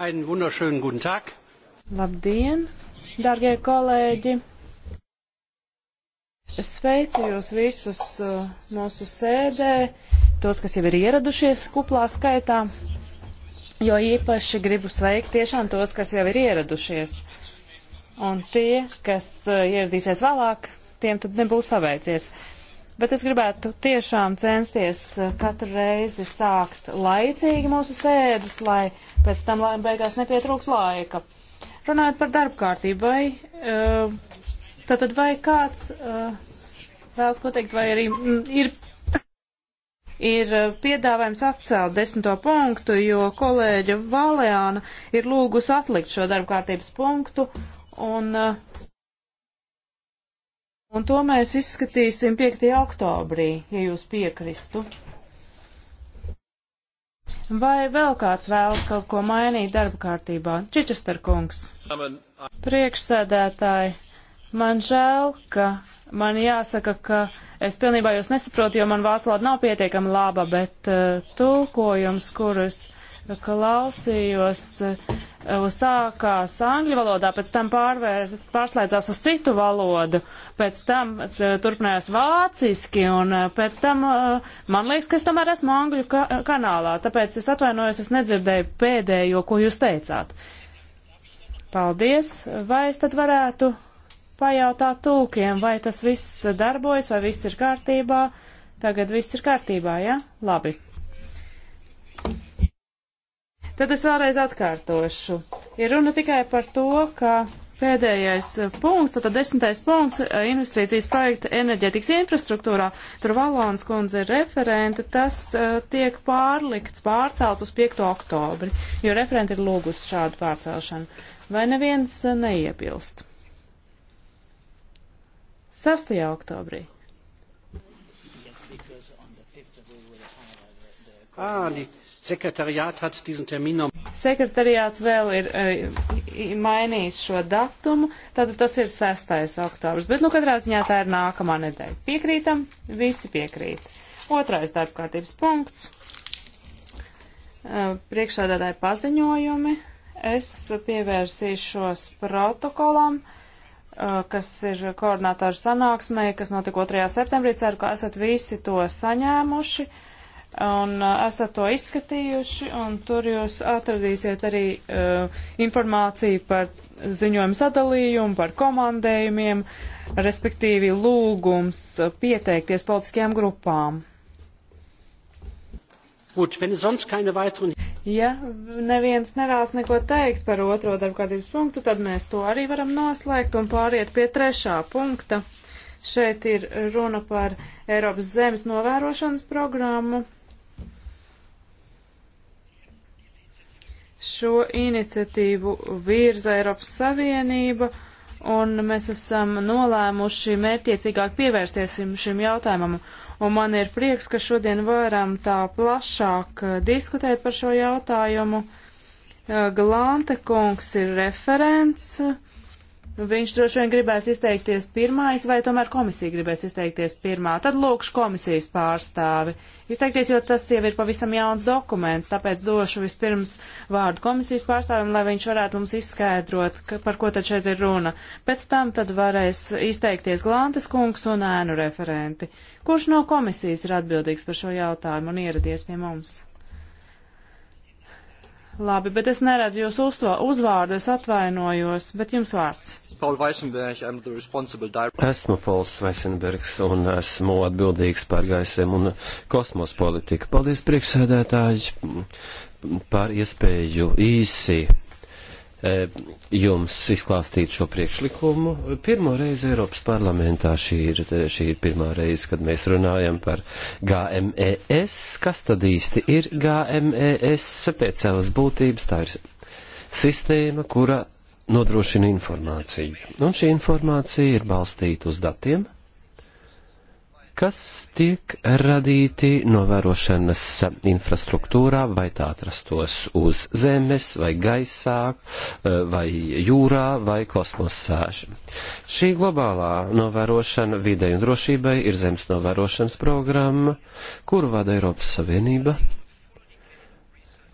Einen wunderschönen guten Tag. Labdien, darbie kolēģi! Es sveicu jūs visus uh, mūsu sēdē, tos, kas jau ir ieradušies kuplā skaitā, jo īpaši gribu sveikt tiešām tos, kas jau ir ieradušies. Un tie, kas uh, ieradīsies vēlāk, tiem tad nebūs paveicies. Bet es gribētu tiešām censties eh, katru reizi sākt laicīgi mūsu sēdes, lai pēc tam lai beigās nepietrūks laika. Runājot par darba kārtību, vai eh, tātad vai kāds eh, vēlas ko teikt, vai arī mm, ir, ir piedāvājums atcelt desmito punktu, jo kolēģa Valēāna ir lūgusi atlikt šo darba kārtības punktu, un uh, Un to mēs izskatīsim 5. oktobrī, ja jūs piekristu. Vai vēl kāds vēlas kaut ko mainīt darba kārtībā? Čičester kungs. Priekšsēdētāji, man žēl, ka man jāsaka, ka es pilnībā jūs nesaprotu, jo man vācu valoda nav pietiekami laba, bet uh, tulkojums, kurus klausījos, uh, Eh, sākās angļu valodā, pēc tam pārvēr, pārslēdzās uz citu valodu, pēc tam eh, turpinājās vāciski, un eh, pēc tam man liekas, ka es tomēr esmu angļu ka kanālā, tāpēc es atvainojos, es nedzirdēju pēdējo, ko jūs teicāt. Paldies, vai es tad varētu pajautāt tūkiem, vai tas viss darbojas, vai viss ir kārtībā? Tagad viss ir kārtībā, ja? Labi. Tad es vēlreiz atkārtošu. Ir runa tikai par to, ka pēdējais punkts, tātad desmitais punkts, eh, investīcijas projekta enerģētikas infrastruktūrā, tur Valons kundze ir referente, tas uh, tiek pārlikts, pārcelts uz 5. oktobri, jo referente ir lūgus šādu pārcelšanu. Vai neviens uh, neiebilst? 6. oktobrī. Yes, the, the... Ah, the Sekretariāt hat diesen Termin noch. Sekretariāts vēl ir uh, mainījis šo datumu, tad tas ir 6. oktobrs. Bet, nu, katrā ziņā tā ir nākamā nedēļa. Piekrītam, visi piekrīt. Otrais darbkārtības punkts. Uh, eh, Priekšādādāja paziņojumi. Es pievērsīšos protokolam, uh, kas ir koordinātoru sanāksmē, kas notika 2. septembrī. Ceru, ka esat visi to saņēmuši. Uh, un uh, esat to izskatījuši, un tur jūs atradīsiet arī uh, informāciju par ziņojumu sadalījumu, par komandējumiem, respektīvi lūgums uh, pieteikties politiskajām grupām. Gut, weiteren... Ja neviens nevēlas neko teikt par otro darbkārtības punktu, tad mēs to arī varam noslēgt un pāriet pie trešā punkta. Šeit ir runa par Eiropas zemes novērošanas programmu. Šo iniciatīvu virza Eiropas Savienība, un mēs esam nolēmuši mērķiecīgāk pievērsties šim jautājumam. Un man ir prieks, ka šodien varam tā plašāk eh, diskutēt par šo jautājumu. Eh, Glante kungs ir referents Viņš droši vien gribēs izteikties pirmais, vai tomēr komisija gribēs izteikties pirmā. Tad lūkšu komisijas pārstāvi izteikties, jo tas jau ir pavisam jauns dokuments, tāpēc došu vispirms vārdu komisijas pārstāvim, lai viņš varētu mums izskaidrot, ka, par ko tad šeit ir runa. Pēc tam tad varēs izteikties Glantes kungs un ēnu referenti. Kurš no komisijas ir atbildīgs par šo jautājumu un ieradies pie mums? Labi, bet es neredzu jūs uzvārdu, es atvainojos, bet jums vārds. Esmu Pols Vaisenbergs un esmu atbildīgs par gaisiem un kosmos politiku. Paldies priekšsēdētāji par iespēju īsi Eh, jums izklāstīt šo priekšlikumu. Pirmo reizi Eiropas parlamentā šī ir, šī ir pirmā reize, kad mēs runājam par GMES. Kas tad īsti ir GMES? Pēc savas būtības tā ir sistēma, kura nodrošina informāciju. Un šī informācija ir balstīta uz datiem kas tiek radīti novērošanas infrastruktūrā, vai tā atrastos uz zemes, vai gaisā, eh, vai jūrā, vai kosmosā. Šī globālā novērošana videi un drošībai ir zemes novērošanas programma, kuru vada Eiropas Savienība,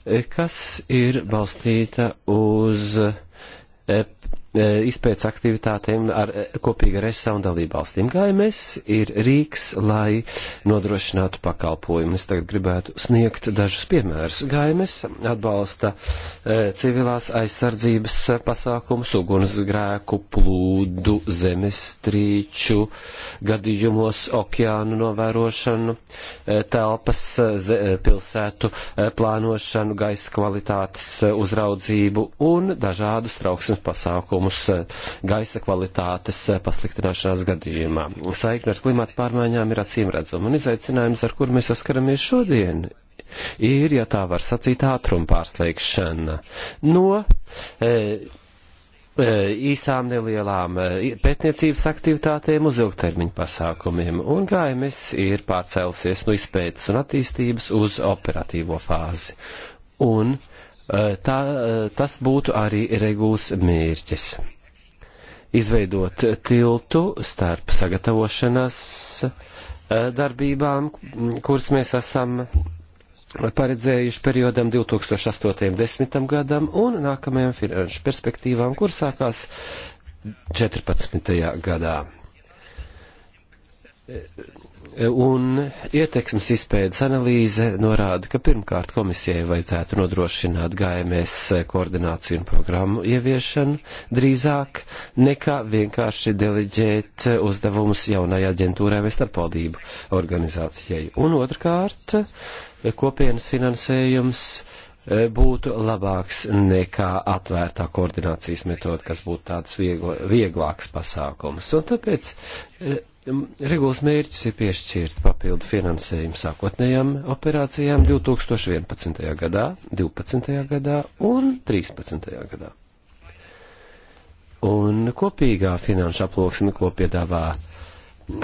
eh, kas ir balstīta uz eh, E, izpēc aktivitātēm ar e, kopīgi ar ESA un dalībvalstīm. GMS ir rīks, lai nodrošinātu pakalpojumu. Es tagad gribētu sniegt dažus piemērus. GMS atbalsta e, civilās aizsardzības pasākumus ugunsgrēku, plūdu, zemestrīču, gadījumos okeānu novērošanu, telpas pilsētu plānošanu, gaisa kvalitātes uzraudzību un dažādus trauksmes pasākumus trūkumus eh, gaisa kvalitātes eh, pasliktināšanās gadījumā. Saikne ar klimatu pārmaiņām ir acīm redzama un izaicinājums, ar kur mēs saskaramies šodien. Ir, ja tā var sacīt, ātruma pārslēgšana no e, īsām nelielām pētniecības aktivitātēm uz ilgtermiņu pasākumiem, un gaimes ir pārcēlusies no izpētes un attīstības uz operatīvo fāzi. Un uh, Eh, tā, eh, tas būtu arī regulas mērķis. Izveidot tiltu starp sagatavošanas eh, darbībām, kuras mēs esam paredzējuši periodam 2008.10. gadam un nākamajām finanšu perspektīvām, kur sākās 14. gadā un ieteiksmes izpējas analīze norāda, ka pirmkārt komisijai vajadzētu nodrošināt GMS koordināciju un programmu ieviešanu drīzāk nekā vienkārši deleģēt uzdevumus jaunai aģentūrai vai starpvaldību organizācijai. Un otrkārt, kopienas finansējums e, būtu labāks nekā atvērtā koordinācijas metoda, kas būtu tāds viegla, vieglāks pasākums. Un tāpēc e, Regulas mērķis ir piešķirt papildu finansējumu sākotnējām operācijām 2011. gadā, 12. gadā un 13. gadā. Un kopīgā finanšu aploksne, ko piedāvā e,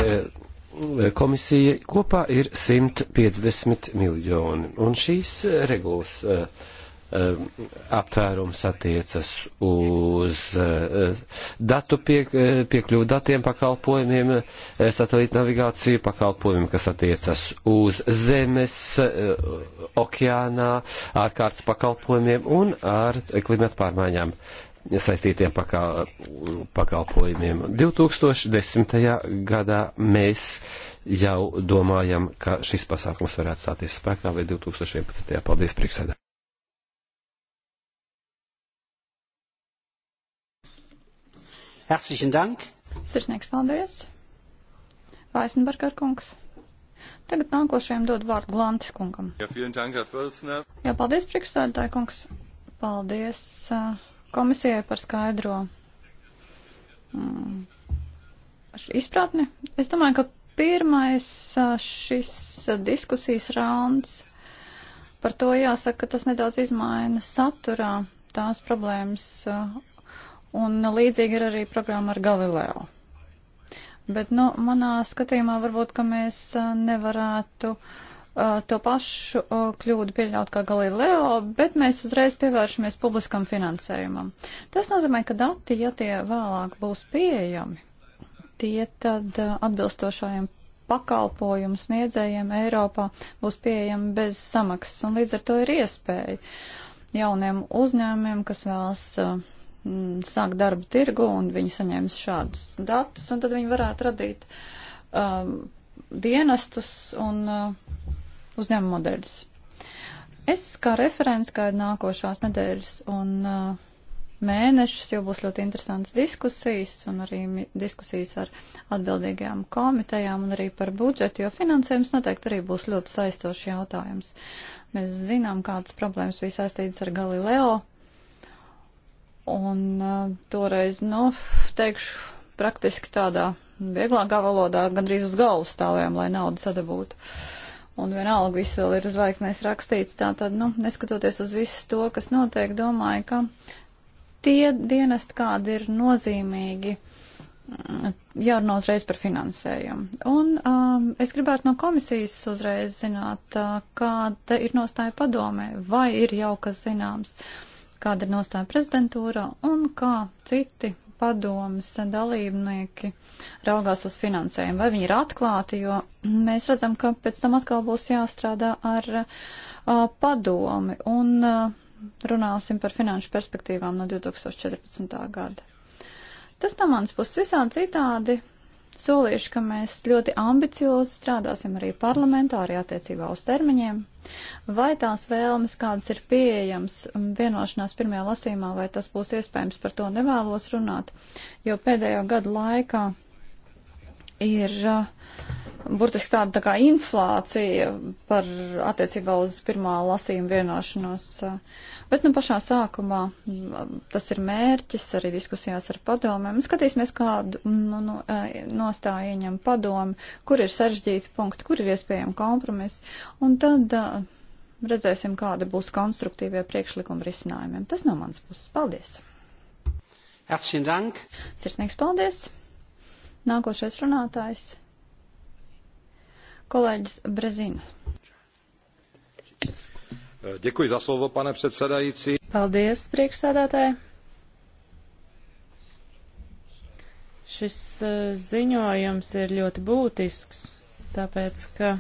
e, komisija, kopā ir 150 miljoni. Un šīs regulas uh, Eh, aptvērums attiecas uz eh, datu piek, eh, piekļuvu datiem pakalpojumiem, satelīta navigāciju pakalpojumiem, kas attiecas uz zemes, okeānā, ārkārtas pakalpojumiem un ar klimatu pārmaiņām saistītiem pakal, pakalpojumiem. 2010. gadā mēs jau domājam, ka šis pasākums varētu stāties spēkā vai 2011. Paldies, priekšsēdē. Herzlichen Dank! Sirsnieks paldies! Vaisenbergar kungs! Tagad nākošajam dod vārdu Glantis kungam. Ja, dank, Jā, paldies, priekšsēdētāji kungs. Paldies uh, komisijai par skaidro mm, izpratni. Es domāju, ka pirmais uh, šis uh, diskusijas rauns par to jāsaka, ka tas nedaudz izmaina saturā tās problēmas, uh, Un līdzīgi ir arī programma ar Galileo. Bet, nu, manā skatījumā varbūt, ka mēs nevarētu uh, to pašu uh, kļūdu pieļaut kā Galileo, bet mēs uzreiz pievēršamies publiskam finansējumam. Tas nozīmē, ka dati, ja tie vēlāk būs pieejami, tie tad uh, atbilstošajiem pakalpojumu sniedzējiem Eiropā būs pieejami bez samaksas, un līdz ar to ir iespēja jauniem uzņēmumiem, kas vēlas uh, Mm, sāk darbu tirgu un viņi saņems šādus datus, un tad viņi varētu radīt um, dienestus un uh, uzņēmuma modeļus. Es kā referents gaidu nākošās nedēļas un uh, mēnešus, jo būs ļoti interesants diskusijas un arī diskusijas ar atbildīgajām komitejām un arī par budžetu, jo finansējums noteikti arī būs ļoti saistošs jautājums. Mēs zinām, kādas problēmas bija saistītas ar Galileo Un uh, toreiz, nu, teikšu, praktiski tādā vieglākā valodā gandrīz uz galvas stāvējām, lai naudu sadabūtu. Un vienalga viss vēl ir uz zvaigznēs rakstīts. Tātad, nu, neskatoties uz visu to, kas notiek, domāju, ka tie dienesti, kādi ir nozīmīgi, mm, jārunā uzreiz par finansējumu. Un um, es gribētu no komisijas uzreiz zināt, uh, kāda ir nostāja padomē, vai ir jau kas zināms. Uh, kāda ir nostāja prezidentūra un kā citi padomas dalībnieki raugās uz finansējumu. Vai viņi ir atklāti, jo mēs redzam, ka pēc tam atkal būs jāstrādā ar a, padomi un a, runāsim par finanšu perspektīvām no 2014. gada. Tas no manas puses visādi citādi Solīšu, ka mēs ļoti ambiciozi strādāsim arī parlamentā, arī attiecībā uz termiņiem. Vai tās vēlmes, kādas ir pieejams um, vienošanās pirmajā lasīmā, vai tas būs iespējams, par to nevēlos runāt, jo pēdējo gadu laikā ir burtiski tāda tā kā inflācija par attiecībā uz pirmā lasījuma vienošanos. Bet nu pašā sākumā tas ir mērķis arī diskusijās ar padomēm. Skatīsimies, kādu nu, nu, nostāju ieņem padomi, kur ir sarežģīti punkti, kur ir iespējami kompromisi. Un tad redzēsim, kāda būs konstruktīvie priekšlikumi risinājumiem. Tas no manas puses. Paldies! Herzlichen Dank! Sirsnīgs paldies! Nākošais runātājs - kolēģis Brezina. Děkuji za slovo, pane předsedající. Paldies, priekšsēdētāji. Šis eh, ziņojums ir ļoti būtisks, tāpēc, ka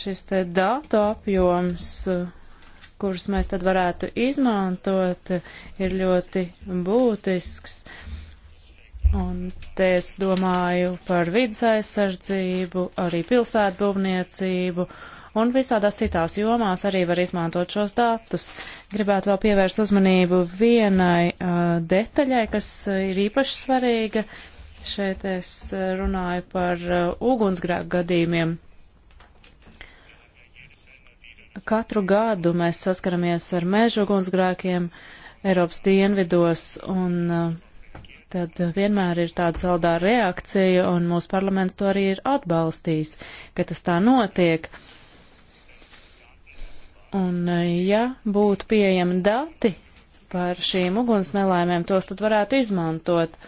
šis te datu apjoms, kurus mēs tad varētu izmantot, ir ļoti būtisks. Uh, Un te es domāju par vidas aizsardzību, arī pilsētbūvniecību un visādās citās jomās arī var izmantot šos datus. Gribētu vēl pievērst uzmanību vienai uh, detaļai, kas ir īpaši svarīga. Šeit es runāju par uh, ugunsgrēku gadījumiem. Katru gadu mēs saskaramies ar mežu ugunsgrēkiem Eiropas dienvidos un uh, tad vienmēr ir tāda soldāra reakcija, un mūsu parlaments to arī ir atbalstījis, ka tas tā notiek. Un ja būtu pieejami dati par šīm uguns nelaimēm, tos tad varētu izmantot,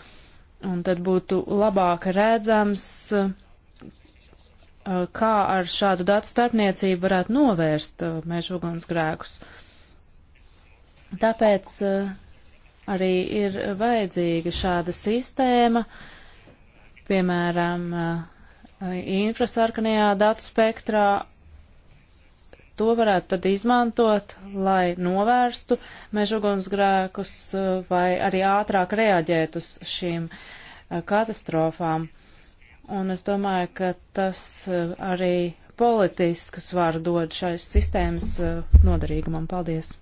un tad būtu labāk redzams, eh, kā ar šādu datu starpniecību varētu novērst eh, meža ugunsgrēkus. Tāpēc uh, arī ir vajadzīga šāda sistēma, piemēram, eh, infrasarkanajā datu spektrā. To varētu tad izmantot, lai novērstu mežugunsgrēkus eh, vai arī ātrāk reaģēt uz šīm eh, katastrofām. Un es domāju, ka tas arī politisku svaru dod šai sistēmas noderīgumam. Paldies!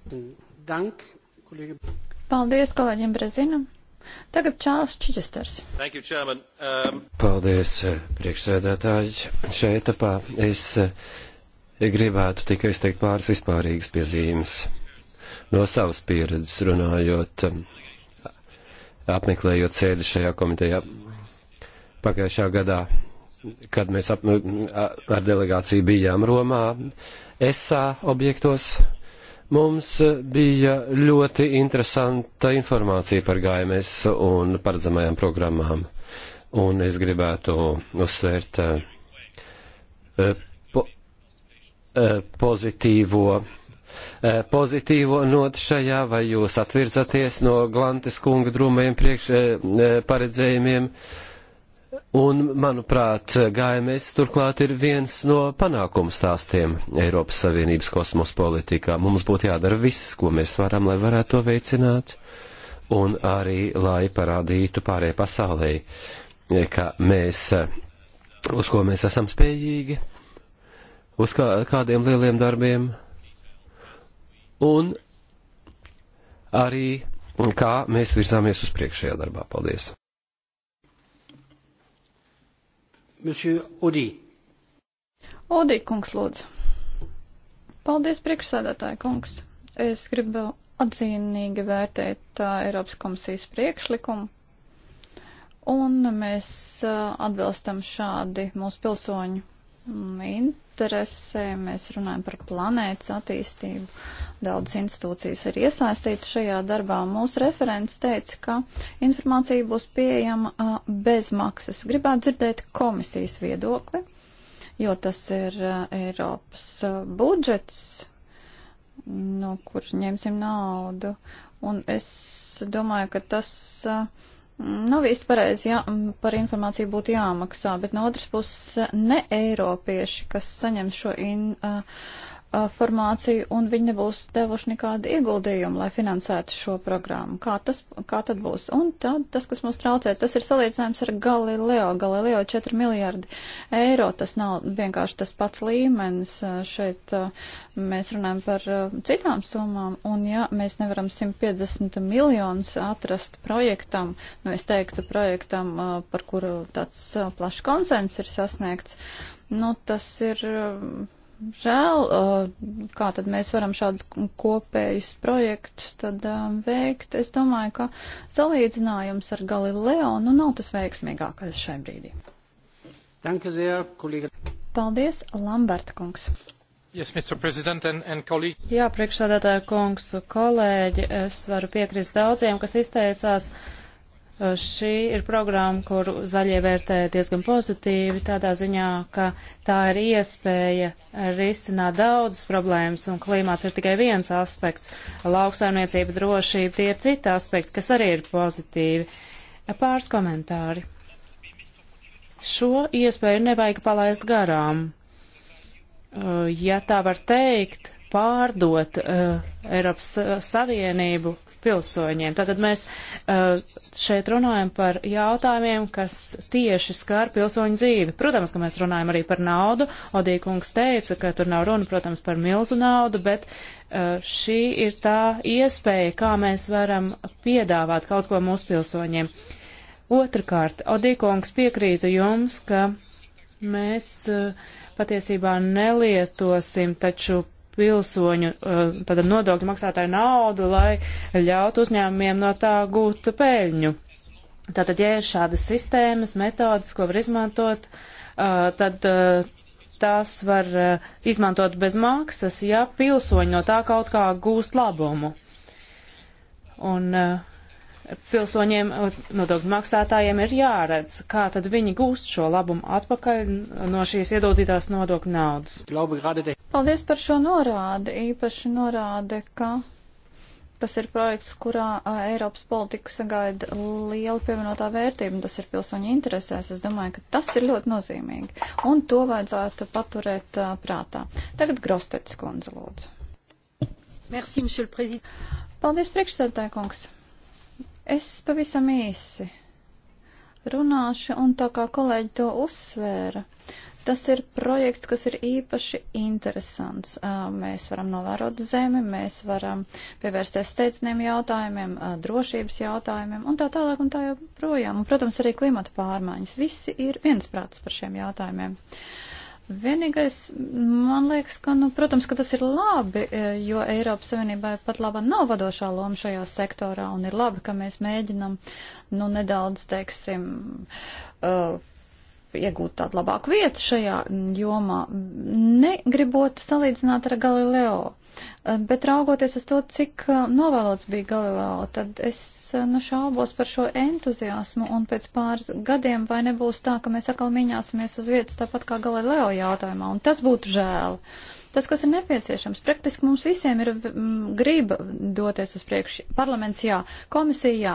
Dank, kolēģi. Paldies kolēģiem Brezinam. Tagad Čāls Čičesters. Um... Paldies, eh, priekšsēdētāji. Šeit apā es eh, gribētu tikai izteikt pāris vispārīgas piezīmes. No savas pieredzes runājot, eh, apmeklējot sēdi šajā komitejā pagājušā gadā, kad mēs ap, ar delegāciju bijām Romā, ESA objektos Mums eh, bija ļoti interesanta informācija par GMS un paredzamajām programmām. Un es gribētu uzsvērt eh, eh, po, pozitīvo, pozitīvo notu šajā, vai jūs atvirzaties no Glantes kunga drūmajiem priekš paredzējumiem. Eh, Un, manuprāt, GMS turklāt ir viens no panākumu stāstiem Eiropas Savienības kosmos politikā. Mums būtu jādara viss, ko mēs varam, lai varētu to veicināt, un arī, lai parādītu pārējai pasaulē, ka mēs, uz ko mēs esam spējīgi, uz kā, kādiem lieliem darbiem, un arī, kā mēs virzāmies uz priekšējā darbā. Paldies! Monsieur Odī. Odī, kungs, lūdzu. Paldies, priekšsēdētāji, kungs. Es gribu atzīmīgi vērtēt uh, Eiropas komisijas priekšlikumu. Un mēs uh, atbilstam šādi mūsu pilsoņu min interesē. Mēs runājam par planētas attīstību. Daudz institūcijas ir iesaistīts šajā darbā. Mūsu referents teica, ka informācija būs pieejama a, bez maksas. Gribētu dzirdēt komisijas viedokli, jo tas ir a, Eiropas a, budžets, no kur ņemsim naudu. Un es domāju, ka tas. Uh, Nav īsti pareizi, ja par informāciju būtu jāmaksā, bet no otras puses ne Eiropieši, kas saņem šo in, uh, Uh, formāciju, un viņi nebūs devuši nekādu ieguldījumu, lai finansētu šo programmu. Kā, tas, kā tad būs? Un tad, tas, kas mums traucē, tas ir salīdzinājums ar Galileo. Galileo 4 miljardi eiro, tas nav vienkārši tas pats līmenis. Uh, šeit uh, mēs runājam par citām summām, un ja mēs nevaram 150 miljonus atrast projektam, nu es teiktu projektam, par kuru tāds plašs konsens ir sasniegts, nu tas ir žēl, uh, kā tad mēs varam šādus kopējus projektus tad um, veikt. Es domāju, ka salīdzinājums ar Galileo nu nav tas veiksmīgākais šai brīdī. Danke sehr, kolēģi. Paldies, Lamberta kungs. Yes, and, and Jā, priekšsādātāja kungs, kolēģi, es varu piekrist daudziem, kas izteicās Uh, šī ir programma, kuru zaļie vērtē diezgan pozitīvi, tādā ziņā, ka tā ir iespēja risināt daudzas problēmas, un klimāts ir tikai viens aspekts. Lauksaimniecība, drošība, tie ir citi aspekti, kas arī ir pozitīvi. Pāris komentāri. Šo iespēju nevajag palaist garām. Uh, ja tā var teikt, pārdot uh, Eiropas Savienību pilsoņiem. Tātad mēs eh, šeit runājam par jautājumiem, kas tieši skar pilsoņu dzīvi. Protams, ka mēs runājam arī par naudu. Odīkungs teica, ka tur nav runa, protams, par milzu naudu, bet eh, šī ir tā iespēja, kā mēs varam piedāvāt kaut ko mūsu pilsoņiem. Otrakārt, Odīkungs piekrītu jums, ka mēs eh, patiesībā nelietosim taču pilsoņu, eh, tad nodokļu maksātāju naudu, lai ļautu uzņēmumiem no tā gūt peļņu. Tātad, ja ir šādas sistēmas, metodas, ko var izmantot, eh, tad eh, tās var izmantot bez maksas, ja pilsoņi no tā kaut kā gūst labumu. Un pilsoņiem, nodokļu maksātājiem ir jāredz, kā tad viņi gūst šo labumu atpakaļ no šīs iedodītās nodokļu naudas. Paldies par šo norādi, īpaši norāde, ka tas ir projekts, kurā Eiropas politiku sagaida liela pievienotā vērtība, un tas ir pilsoņu interesēs. Es domāju, ka tas ir ļoti nozīmīgi, un to vajadzētu paturēt prātā. Tagad Grostets kundze lūdzu. Merci, monsieur le président. Paldies, priekšsēdētāji kungs. Es pavisam īsi runāšu, un tā kā kolēģi to uzsvēra, Tas ir projekts, kas ir īpaši interesants. Mēs varam novērot zemi, mēs varam pievērsties steidzniem jautājumiem, drošības jautājumiem un tā tālāk un tā joprojām. Un, protams, arī klimata pārmaiņas. Visi ir viensprāts par šiem jautājumiem. Vienīgais, man liekas, ka, nu, protams, ka tas ir labi, jo Eiropas Savienībai pat labā nav vadošā loma šajā sektorā, un ir labi, ka mēs mēģinam, nu, nedaudz, teiksim, uh, iegūt tādu labāku vietu šajā jomā, negribot salīdzināt ar Galileo. Eh, bet raugoties uz to, cik eh, novēlots bija Galileo, tad es eh, nu, šaubos par šo entuziasmu un pēc pāris gadiem vai nebūs tā, ka mēs atkal mīņāsimies uz vietas tāpat kā Galileo jautājumā, un tas būtu žēl. Uh, tas, kas ir nepieciešams. Praktiski mums visiem ir mm, griba doties uz priekšu. Parlaments jā, komisija jā,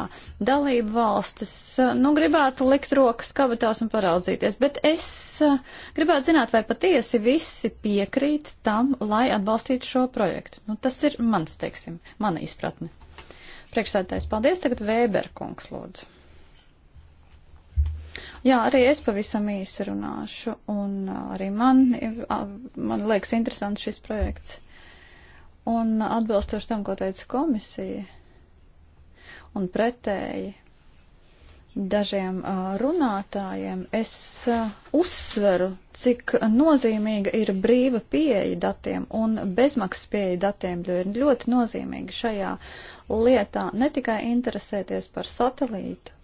dalība valstis, eh, nu, gribētu likt rokas kabatās un paraudzīties, bet es eh, gribētu zināt, vai patiesi visi piekrīt tam, lai atbalstītu šo projektu. Nu, tas ir mans, teiksim, mana izpratne. Priekšsēdētājs, paldies, tagad Vēberkungs lūdzu. Jā, arī es pavisam īsi runāšu, un uh, arī man, man liekas interesants šis projekts. Un atbilstoši tam, ko teica komisija, un pretēji dažiem uh, runātājiem, es uh, uzsveru, cik nozīmīga ir brīva pieeja datiem un bezmaksas pieeja datiem, jo ir ļoti nozīmīgi šajā lietā ne tikai interesēties par satelītu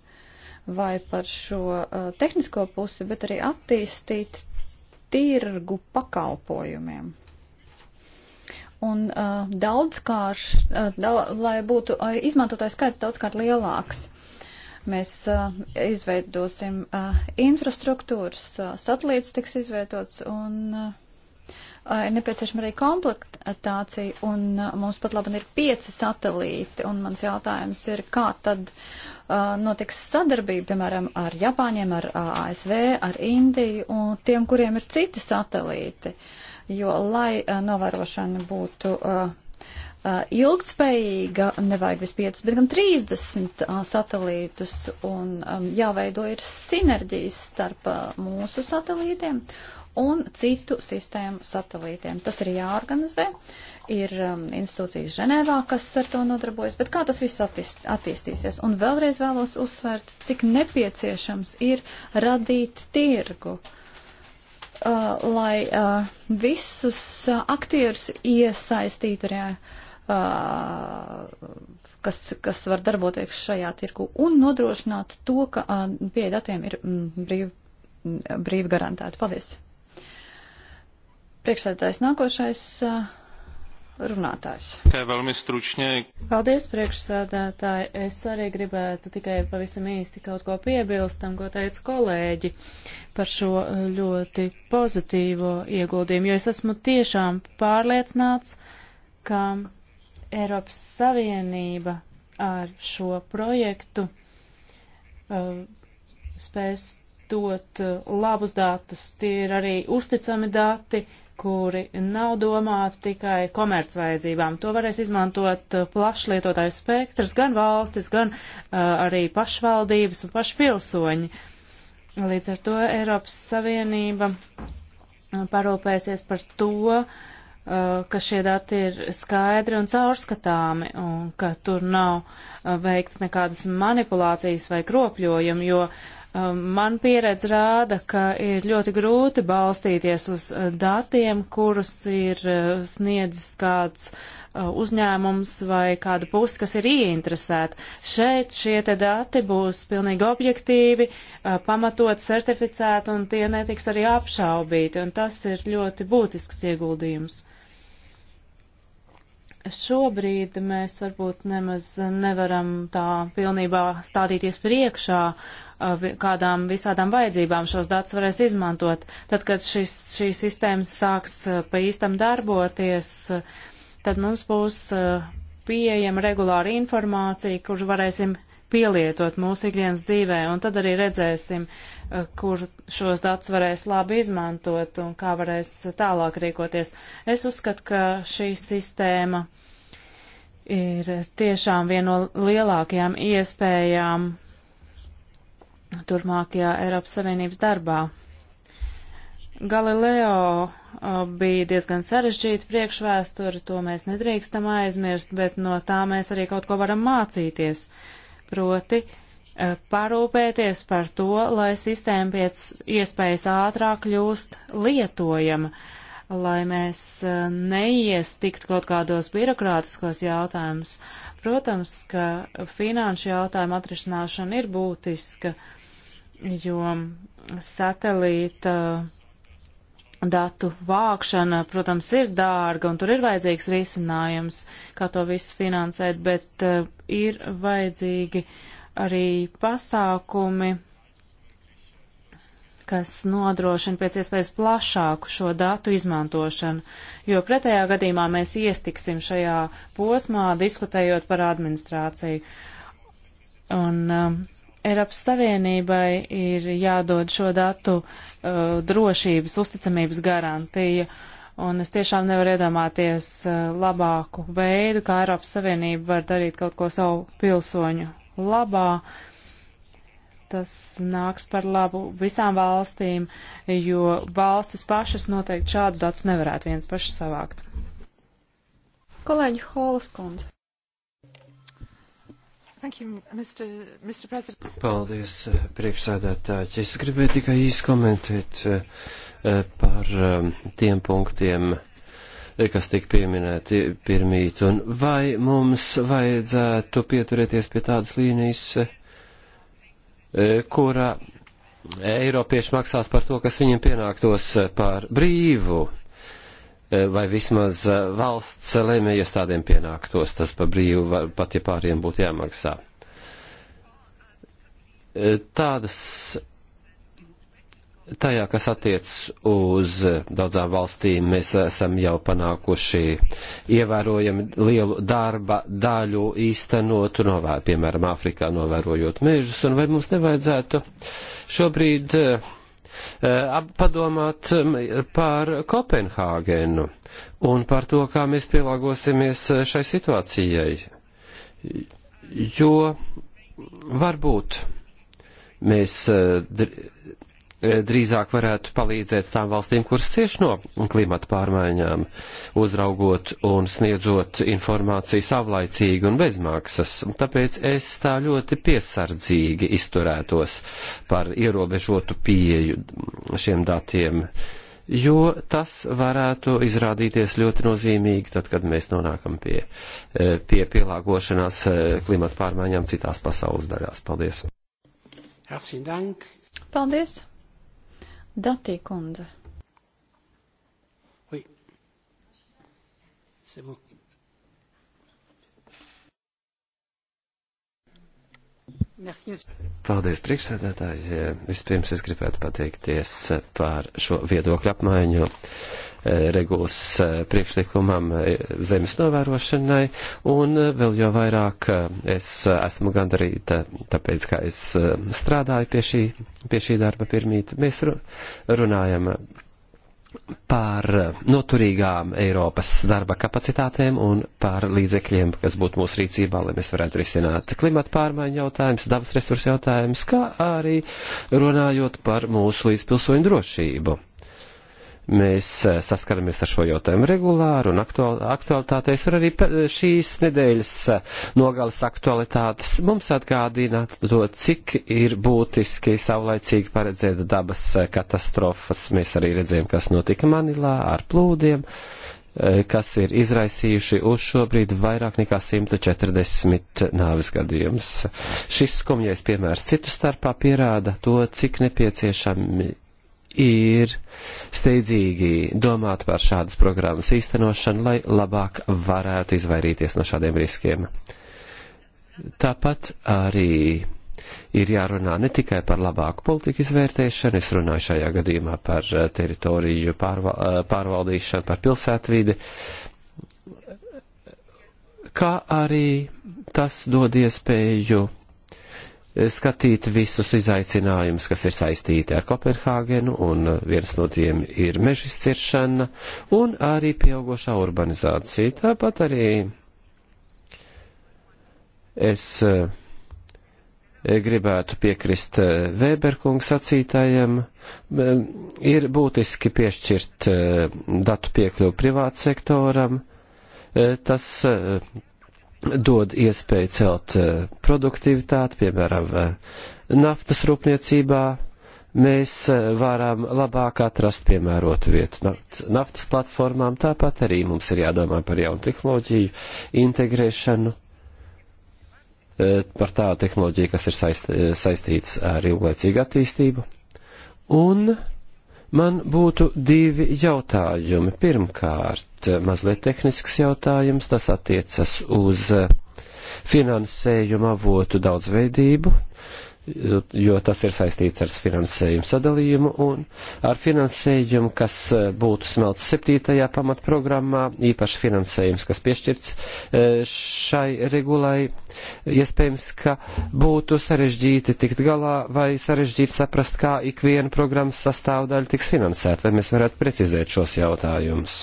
vai par šo uh, tehnisko pusi, bet arī attīstīt tirgu pakalpojumiem. Un uh, daudzkārt, uh, da, lai būtu uh, izmantotāju skaits daudzkārt lielāks, mēs uh, izveidosim uh, infrastruktūras, uh, satelīts tiks izveidots un uh, Eh, ir nepieciešama arī komplektācija, un eh, mums pat labi ir pieci satelīti, un mans jautājums ir, kā tad uh, notiks sadarbība, piemēram, ar Japāņiem, ar ASV, ar Indiju, un tiem, kuriem ir citi satelīti, jo, lai uh, novērošana būtu uh, ilgtspējīga, nevajag vis 5, bet gan 30 satelītus, un um, jāveido ir sinerģijas starp mūsu satelītiem un citu sistēmu satelītiem. Tas ir jāorganizē, ir um, institūcijas Ženēvā, kas ar to nodarbojas, bet kā tas viss attist, attīstīsies? Un vēlreiz vēlos uzsvērt, cik nepieciešams ir radīt tirgu, uh, lai uh, visus uh, aktierus iesaistītu arī. Uh, kas, kas var darboties šajā tirgu un nodrošināt to, ka uh, pie datiem ir mm, brīvi mm, brīvi garantēta. Paldies! Priekšsēdētājs nākošais runātājs. Tikai vēlmi stručņē. Paldies, priekšsēdētāji. Es arī gribētu tikai pavisam īsti kaut ko piebilst tam, ko teica kolēģi par šo ļoti pozitīvo ieguldījumu, jo es esmu tiešām pārliecināts, ka Eiropas Savienība ar šo projektu uh, spēs dot uh, labus datus. Tie ir arī uzticami dati, kuri nav domāti tikai komercvajadzībām. To varēs izmantot plašlietotājs spektrs, gan valstis, gan uh, arī pašvaldības un pašpilsoņi. Līdz ar to Eiropas Savienība parūpēsies par to, uh, ka šie dati ir skaidri un caurskatāmi un ka tur nav veikts nekādas manipulācijas vai kropļojumi, jo uh, Um, man pieredze rāda, ka ir ļoti grūti balstīties uz uh, datiem, kurus ir uh, sniedzis kāds uh, uzņēmums vai kāda puse, kas ir ieinteresēta. Šeit šie te dati būs pilnīgi objektīvi, pamatot, certificēti, un tie netiks arī apšaubīti, un tas ir ļoti būtisks ieguldījums. Šobrīd mēs varbūt nemaz nevaram tā pilnībā stādīties priekšā, kādām visādām vajadzībām šos datus varēs izmantot. Tad, kad šis, šī sistēma sāks pa īstam darboties, tad mums būs pieejama regulāra informācija, kur varēsim pielietot mūsu ikdienas dzīvē, un tad arī redzēsim, eh, kur šos datus varēs labi izmantot un kā varēs tālāk rīkoties. Es uzskatu, ka šī sistēma ir tiešām viena no lielākajām iespējām turpmākajā Eiropas Savienības darbā. Galileo eh, bija diezgan sarežģīta priekšvēsture, to mēs nedrīkstam aizmirst, bet no tā mēs arī kaut ko varam mācīties. Uh, proti e, parūpēties par to, lai sistēma pēc iespējas ātrāk kļūst lietojama, lai mēs e, neiestiktu kaut kādos birokrātiskos jautājumus. Protams, ka finanšu jautājumu atrisināšana ir būtiska, jo satelīta uh, datu vākšana, protams, ir dārga un tur ir vajadzīgs risinājums, kā to visu finansēt, bet uh, ir vajadzīgi arī pasākumi, kas nodrošina pēc iespējas plašāku šo datu izmantošanu, jo pretējā gadījumā mēs iestiksim šajā posmā, diskutējot par administrāciju. Un, uh, Eiropas Savienībai ir jādod šo datu uh, drošības, uzticamības garantija, un es tiešām nevaru iedomāties uh, labāku veidu, kā Eiropas Savienība var darīt kaut ko savu pilsoņu labā. Tas nāks par labu visām valstīm, jo valstis pašas noteikti šādus datus nevarētu viens pašas savākt. Kolēģi Holas kundze. You, Mr. Mr. Paldies, eh, priekšsēdētāji. Es gribēju tikai īsi komentēt eh, eh, par um, tiem punktiem, kas tika pieminēti pirmīt, un vai mums vajadzētu pieturēties pie tādas līnijas, kurā Eiropieši maksās par to, kas viņiem pienāktos par brīvu Eh, vai vismaz eh, valsts lēmēja iestādēm pienāktos tas pa brīvu, pat ja pāriem būtu jāmaksā. Eh, tādas tajā, kas attiec uz daudzām valstīm, mēs esam jau panākuši ievērojami lielu darba daļu īstenot, novēr, piemēram, Āfrikā novērojot mežus, un vai mums nevajadzētu šobrīd uh, Eh, padomāt mm, par Kopenhāgenu un par to, kā mēs pielāgosimies eh, šai situācijai. Jo varbūt mēs eh, E, drīzāk varētu palīdzēt tām valstīm, kuras cieš no klimata pārmaiņām, uzraugot un sniedzot informāciju savlaicīgi un bezmaksas. Tāpēc es tā ļoti piesardzīgi izturētos par ierobežotu pieeju šiem datiem, jo tas varētu izrādīties ļoti nozīmīgi tad, kad mēs nonākam pie, e, pie pielāgošanās e, klimata pārmaiņām citās pasaules daļās. Paldies! Herzlichen Dank! Paldies! Datī kundze. Oui. C'est bon. Paldies, priekšsēdētāji. Vispirms es gribētu pateikties par šo viedokļu apmaiņu Eh, regulas eh, priekšlikumam eh, zemes novērošanai, un vēl jo vairāk es esmu gandarīta, tāpēc, kā es strādāju pie šī, pie šī darba pirmīt, mēs runājam par noturīgām Eiropas darba kapacitātēm un par līdzekļiem, kas būtu mūsu rīcībā, lai mēs varētu risināt klimata pārmaiņu jautājumus, dabas resursu jautājumus, kā arī runājot par mūsu līdzpilsoņu drošību. Mēs eh, saskaramies ar šo jautājumu regulāri un aktuāl, aktualitātēs, un arī šīs nedēļas eh, nogalas aktualitātes mums atgādina to, cik ir būtiski savlaicīgi paredzēt dabas eh, katastrofas. Mēs arī redzējām, kas notika Manilā ar plūdiem, kas ir izraisījuši uz šobrīd vairāk nekā 140 nāvis gadījumus. Šis skumjais piemērs citu starpā pierāda to, cik nepieciešami ir steidzīgi domāt par šādas programmas īstenošanu, lai labāk varētu izvairīties no šādiem riskiem. Tāpat arī ir jārunā ne tikai par labāku politiku izvērtēšanu, es runāju šajā gadījumā par eh, teritoriju pārval eh, pārvaldīšanu, par pilsētvidi, kā arī tas dod iespēju skatīt visus izaicinājumus, kas ir saistīti ar Kopenhāgenu, un viens no tiem ir meža izciršana un arī pieaugošā urbanizācija. Tāpat arī es eh, gribētu piekrist Vēberkungu eh, sacītājiem, ir būtiski piešķirt eh, datu piekļuvu privātsektoram, tas dod iespēju celt eh, produktivitāti, piemēram, eh, naftas rūpniecībā. Mēs eh, varam labāk atrast piemērotu vietu naftas platformām, tāpat arī mums ir jādomā par jaunu tehnoloģiju integrēšanu, par tādu tehnoloģiju, kas ir saist, saistīts ar ilglaicīgu attīstību. Un Man būtu divi jautājumi. Pirmkārt, mazliet tehnisks jautājums, tas attiecas uz finansējuma avotu daudzveidību jo tas ir saistīts ar finansējumu sadalījumu un ar finansējumu, kas eh, būtu smelts septītajā pamatprogrammā, īpaši finansējums, kas piešķirts eh, šai regulai, iespējams, ka būtu sarežģīti tikt galā vai sarežģīti saprast, kā ikviena programmas sastāvdaļa tiks finansēta, vai mēs varētu precizēt šos jautājumus.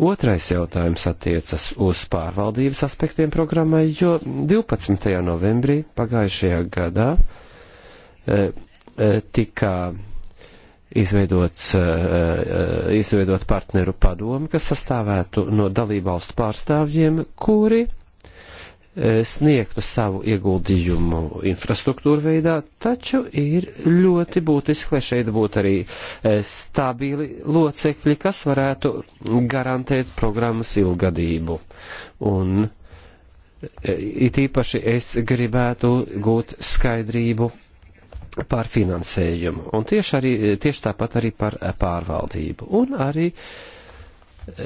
Otrais jautājums attiecas uz pārvaldības aspektiem programmai, jo 12. novembrī pagājušajā gadā e, e, tika izveidots, eh, izveidot partneru padomu, kas sastāvētu no dalībvalstu pārstāvjiem, kuri E, sniegtu savu ieguldījumu infrastruktūru veidā, taču ir ļoti būtiski, lai šeit būtu arī e, stabili locekļi, kas varētu garantēt programmas ilgadību. Un e, it īpaši es gribētu gūt skaidrību par finansējumu, un tieši, arī, tieši tāpat arī par pārvaldību, un arī uh,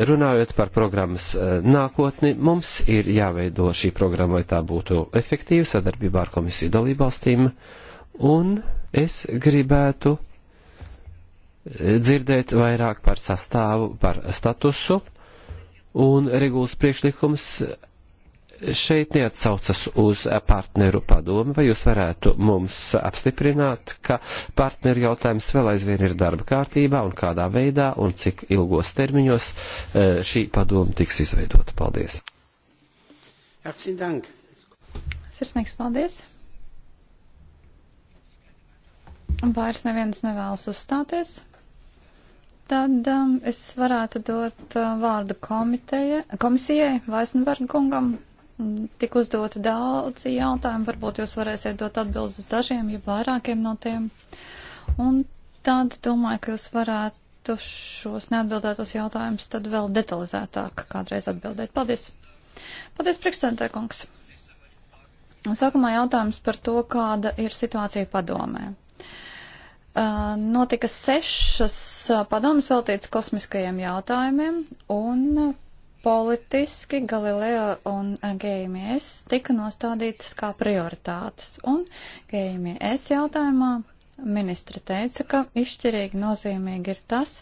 Runājot par programmas eh, nākotni, mums ir jāveido šī programma, lai tā būtu efektīva sadarbībā ar komisiju dalībvalstīm, un es gribētu eh, dzirdēt vairāk par sastāvu, par statusu, un regulas priekšlikums šeit neatsaucas uz partneru padomu, vai jūs varētu mums apstiprināt, ka partneru jautājums vēl aizvien ir darba kārtībā un kādā veidā un cik ilgos termiņos e, šī padoma tiks izveidota? Paldies! Sirsnīgs paldies! Vairs neviens nevēlas uzstāties. Tad um, es varētu dot uh, vārdu komiteja, komisijai Vaisnberga kungam, Tik uzdoti daudzi jautājumi, varbūt jūs varēsiet dot atbildus uz dažiem, ja vairākiem no tiem. Un tad domāju, ka jūs varētu šos neatbildētos jautājumus tad vēl detalizētāk kādreiz atbildēt. Paldies! Paldies, priekšstādātāj kungs! Sākumā jautājums par to, kāda ir situācija padomē. Uh, notika sešas uh, padomas veltītas kosmiskajiem jautājumiem, un Politiski Galileo un GMS tika nostādītas kā prioritātes, un GMS jautājumā ministri teica, ka izšķirīgi nozīmīgi ir tas,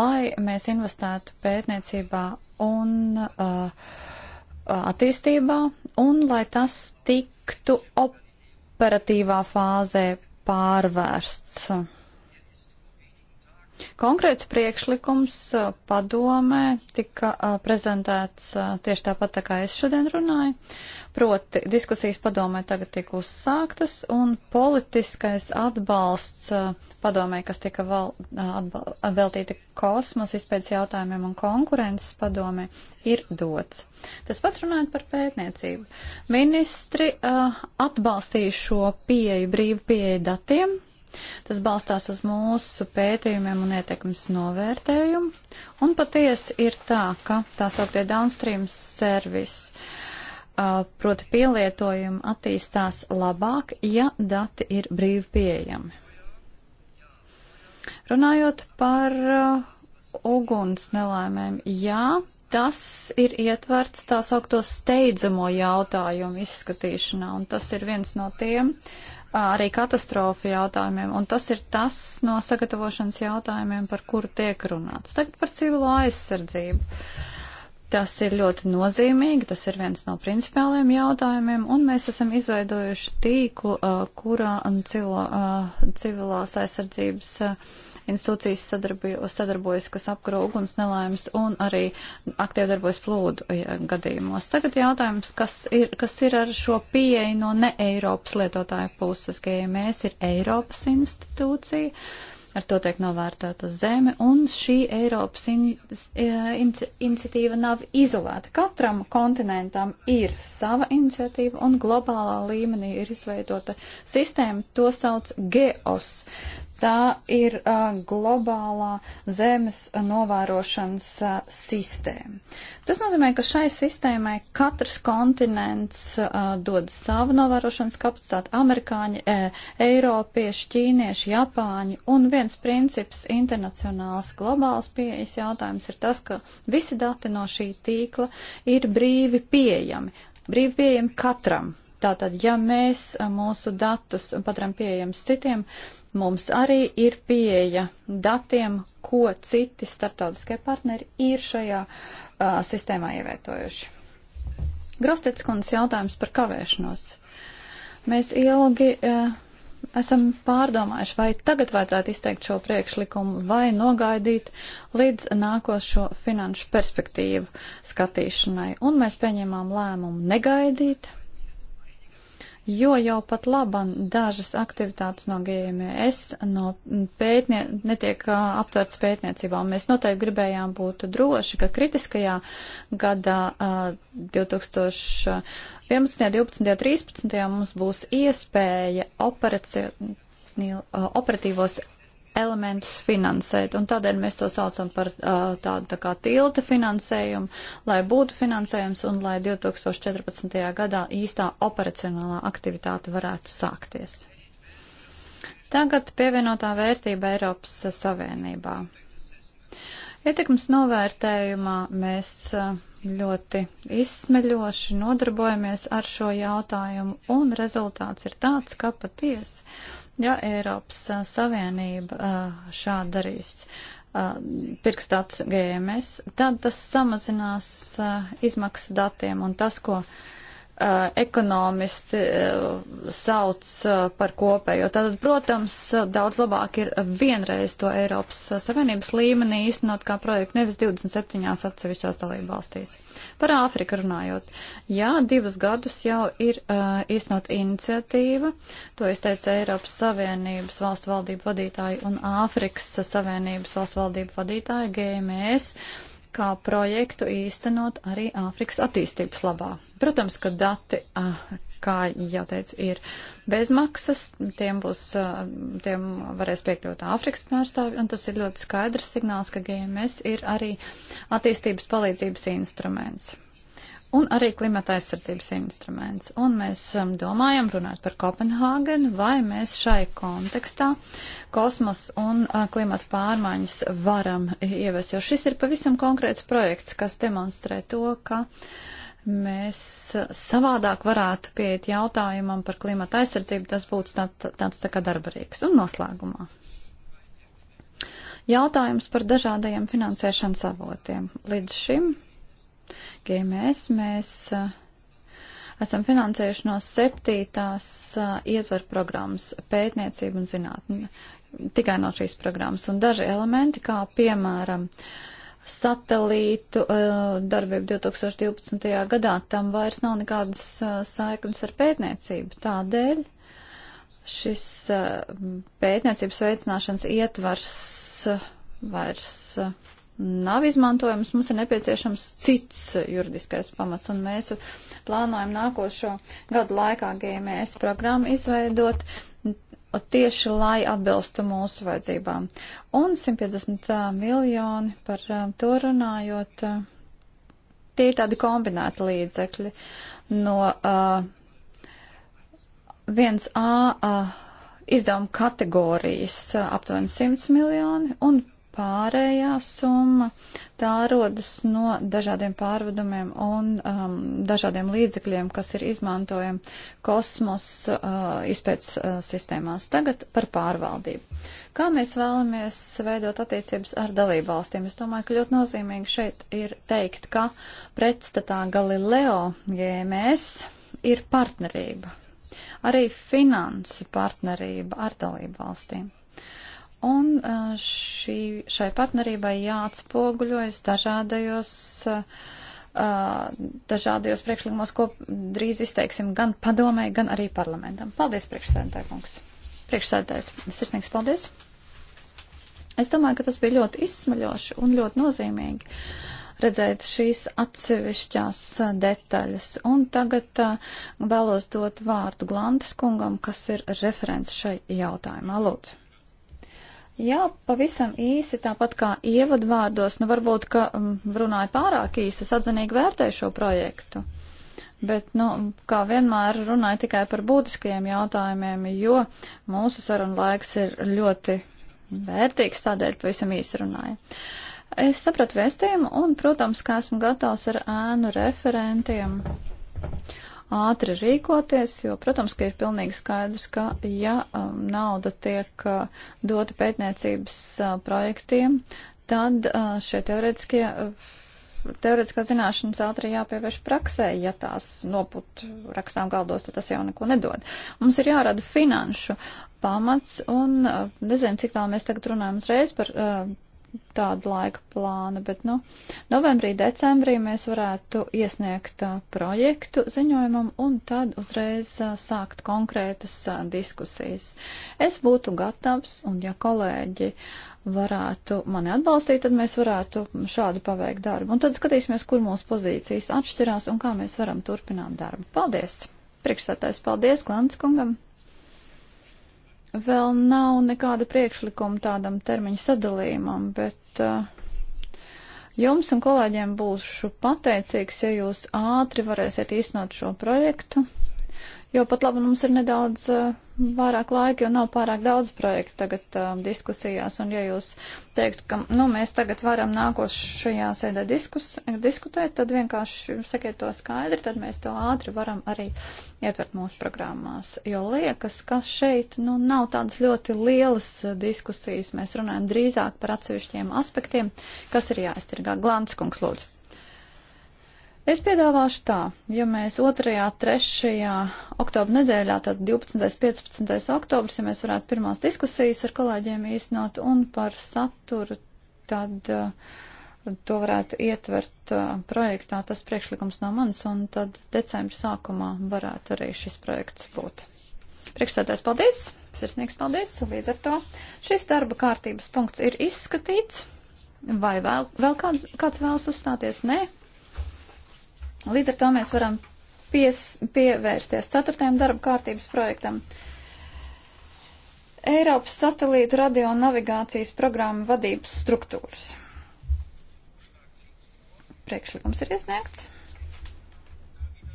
lai mēs investētu pētniecībā un uh, attīstībā, un lai tas tiktu operatīvā fāzē pārvērsts Konkrēts priekšlikums padomē tika prezentēts tieši tāpat tā kā es šodien runāju, proti diskusijas padomē tagad tiek uzsāktas un politiskais atbalsts padomē, kas tika val, atbal, veltīta kosmosa izpētes jautājumiem un konkurences padomē, ir dots. Tas pats runājot par pētniecību. Ministri uh, atbalstīja šo pieeju, brīvu pieeju datiem Tas balstās uz mūsu pētījumiem un ietekmes novērtējumu. Un patiesi ir tā, ka tā sauktie downstream service, uh, proti pielietojumi, attīstās labāk, ja dati ir brīvi pieejami. Runājot par uh, uguns nelaimēm, jā, tas ir ietverts tā saukto steidzamo jautājumu izskatīšanā, un tas ir viens no tiem arī katastrofu jautājumiem, un tas ir tas no sagatavošanas jautājumiem, par kuru tiek runāts. Tagad par civilo aizsardzību. Tas ir ļoti nozīmīgi, tas ir viens no principiāliem jautājumiem, un mēs esam izveidojuši tīklu, uh, kurā civilo, uh, civilās aizsardzības uh, institūcijas sadarbojas, kas apkaro uguns nelaimes un arī aktīvi darbojas plūdu eh, gadījumos. Tagad jautājums, kas ir, kas ir ar šo pieeju no ne Eiropas lietotāju puses, ka ja mēs ir Eiropas institūcija, ar to tiek novērtēta zeme, un šī Eiropas in, eh, in, iniciatīva nav izolēta. Katram kontinentam ir sava iniciatīva, un globālā līmenī ir izveidota sistēma, to sauc GEOS. Tā ir uh, globālā zemes novērošanas uh, sistēma. Tas nozīmē, ka šai sistēmai katrs kontinents uh, dod savu novērošanas kapacitāti - amerikāņi, e, eiropieši, ķīnieši, japāņi. Un viens princips internacionāls globāls pieejas jautājums ir tas, ka visi dati no šī tīkla ir brīvi pieejami. Brīvi pieejami katram. Tātad, ja mēs mūsu datus padaram pieejams citiem, uh, Mums arī ir pieeja datiem, ko citi starptautiskie partneri ir šajā uh, sistēmā ievietojuši. Grostets kundas jautājums par kavēšanos. Mēs ilgi uh, esam pārdomājuši, vai tagad vajadzētu izteikt šo priekšlikumu, vai nogaidīt līdz nākošo finanšu perspektīvu skatīšanai. Un mēs pieņēmām lēmumu negaidīt, jo jau pat laban dažas aktivitātes no GMS no pētnie, netiek aptverts pētniecībā. Mēs noteikti gribējām būt droši, ka kritiskajā gadā 2011., 12., 13. mums būs iespēja operatīvos elementus finansēt, un tādēļ mēs to saucam par uh, tādu tā kā tilta finansējumu, lai būtu finansējums un lai 2014. gadā īstā operacionālā aktivitāte varētu sākties. Tagad pievienotā vērtība Eiropas Savienībā. Ietekmes novērtējumā mēs ļoti izsmeļoši nodarbojamies ar šo jautājumu, un rezultāts ir tāds, ka patiesi Ja Eiropas uh, Savienība uh, šādi darīs uh, pirkstdats GMS, tad tas samazinās uh, izmaksas datiem un tas, ko uh, Eh, ekonomisti eh, sauc eh, par kopējo. Tātad, protams, daudz labāk ir vienreiz to Eiropas Savienības līmenī īstenot kā projektu, nevis 27 atsevišķās dalību valstīs. Par Āfriku runājot. Jā, divus gadus jau ir īstenot iniciatīva, to izteica Eiropas Savienības valstu valdību vadītāji un Āfrikas Savienības valstu valdību vadītāji GMS kā projektu īstenot arī Āfrikas attīstības labā. Protams, ka dati, ah, kā jau teicu, ir bezmaksas, tiem, būs, ah, tiem varēs piekļūt Āfrikas pārstāvi, un tas ir ļoti skaidrs signāls, ka GMS ir arī attīstības palīdzības instruments un arī klimata aizsardzības instruments. Un mēs um, domājam runāt par Kopenhāgenu, vai mēs šai kontekstā kosmos un uh, klimata pārmaiņas varam ievest, jo šis ir pavisam konkrēts projekts, kas demonstrē to, ka mēs uh, savādāk varētu pieiet jautājumam par klimata aizsardzību, tas būtu tā, tāds tā kā darbarīgs. Un noslēgumā. Jautājums par dažādajiem finansēšanas avotiem. Līdz šim GMS mēs esam finansējuši no septītās ietver programmas pētniecību un zinātni. Tikai no šīs programmas. Un daži elementi, kā piemēram satelītu darbību 2012. gadā, tam vairs nav nekādas saiknes ar pētniecību. Tādēļ šis pētniecības veicināšanas ietvars vairs nav izmantojams, mums ir nepieciešams cits juridiskais pamats, un mēs plānojam nākošo gadu laikā GMS programmu izveidot tieši, lai atbilstu mūsu vajadzībām. Un 150 miljoni par to runājot, tie ir tādi kombinēti līdzekļi no uh, 1A. Uh, izdevuma kategorijas aptuveni 100 miljoni un Pārējā summa tā rodas no dažādiem pārvedumiem un um, dažādiem līdzekļiem, kas ir izmantojami kosmos uh, izpētes uh, sistēmās. Tagad par pārvaldību. Kā mēs vēlamies veidot attiecības ar dalību valstīm? Es domāju, ka ļoti nozīmīgi šeit ir teikt, ka pretstatā Galileo GMS ir partnerība. Arī finansu partnerība ar dalību valstīm. Un šī, šai partnerībai jāatspoguļojas dažādajos, dažādajos priekšlikumos, ko drīz izteiksim gan padomē, gan arī parlamentam. Paldies, priekšsēdētāj, kungs. Priekšsēdētājs, sirsnīgs paldies. Es domāju, ka tas bija ļoti izsmaļoši un ļoti nozīmīgi redzēt šīs atsevišķās detaļas. Un tagad vēlos dot vārdu Glantas kungam, kas ir referents šai jautājumā. Lūdzu. Jā, pavisam īsi, tāpat kā ievadvārdos, nu varbūt, ka mm, runāju pārāk īsi, es atzinīgi vērtēju šo projektu. Bet, nu, kā vienmēr runāju tikai par būtiskajiem jautājumiem, jo mūsu saruna laiks ir ļoti vērtīgs, tādēļ pavisam īsi runāju. Es sapratu vēstījumu un, protams, kā esmu gatavs ar ēnu referentiem ātri rīkoties, jo, protams, ka ir pilnīgi skaidrs, ka ja um, nauda tiek uh, dota pētniecības uh, projektiem, tad uh, šie teoretiskie. Uh, Teorētiskā zināšanas ātri jāpievērš praksē, ja tās noput rakstām galdos, tad tas jau neko nedod. Mums ir jārada finanšu pamats, un uh, nezinu, cik tālu mēs tagad runājam uzreiz par uh, tādu laika plānu, bet, nu, novembrī, decembrī mēs varētu iesniegt uh, projektu ziņojumam un tad uzreiz uh, sākt konkrētas uh, diskusijas. Es būtu gatavs, un ja kolēģi varētu mani atbalstīt, tad mēs varētu šādu paveikt darbu. Un tad skatīsimies, kur mūsu pozīcijas atšķirās un kā mēs varam turpināt darbu. Paldies! Priekšsētājs, paldies Klants kungam! Vēl nav nekāda priekšlikuma tādam termiņu sadalījumam, bet uh, jums un kolēģiem būšu pateicīgs, ja jūs ātri varēsiet īstenot šo projektu, Jo pat labi nu, mums ir nedaudz eh, vairāk laika, jo nav pārāk daudz projektu tagad um, diskusijās. Un ja jūs teiktu, ka nu, mēs tagad varam nākošajā sēdē diskus, diskutēt, tad vienkārši sakiet to skaidri, tad mēs to ātri varam arī ietvert mūsu programmās. Jo liekas, ka šeit nu, nav tādas ļoti lielas eh, diskusijas. Mēs runājam drīzāk par atsevišķiem aspektiem, kas ir jāiztirgā. Glāns kungs, lūdzu. Es piedāvāšu tā, ja mēs 2., 3. oktobra nedēļā, tad 12. 15. oktobrs, ja mēs varētu pirmās diskusijas ar kolēģiem īstenot un par saturu, tad uh, to varētu ietvert uh, projektā. Tas priekšlikums no manis un tad decembra sākumā varētu arī šis projekts būt. Priekšstādājs paldies, sirsnīgs paldies, līdz ar to šis darba kārtības punkts ir izskatīts. Vai vēl, vēl kāds, kāds vēlas uzstāties? Nē. Līdz ar to mēs varam pies, pievērsties ceturtajam darba kārtības projektam. Eiropas satelītu radio navigācijas programma vadības struktūras. Priekšlikums ir iesniegts.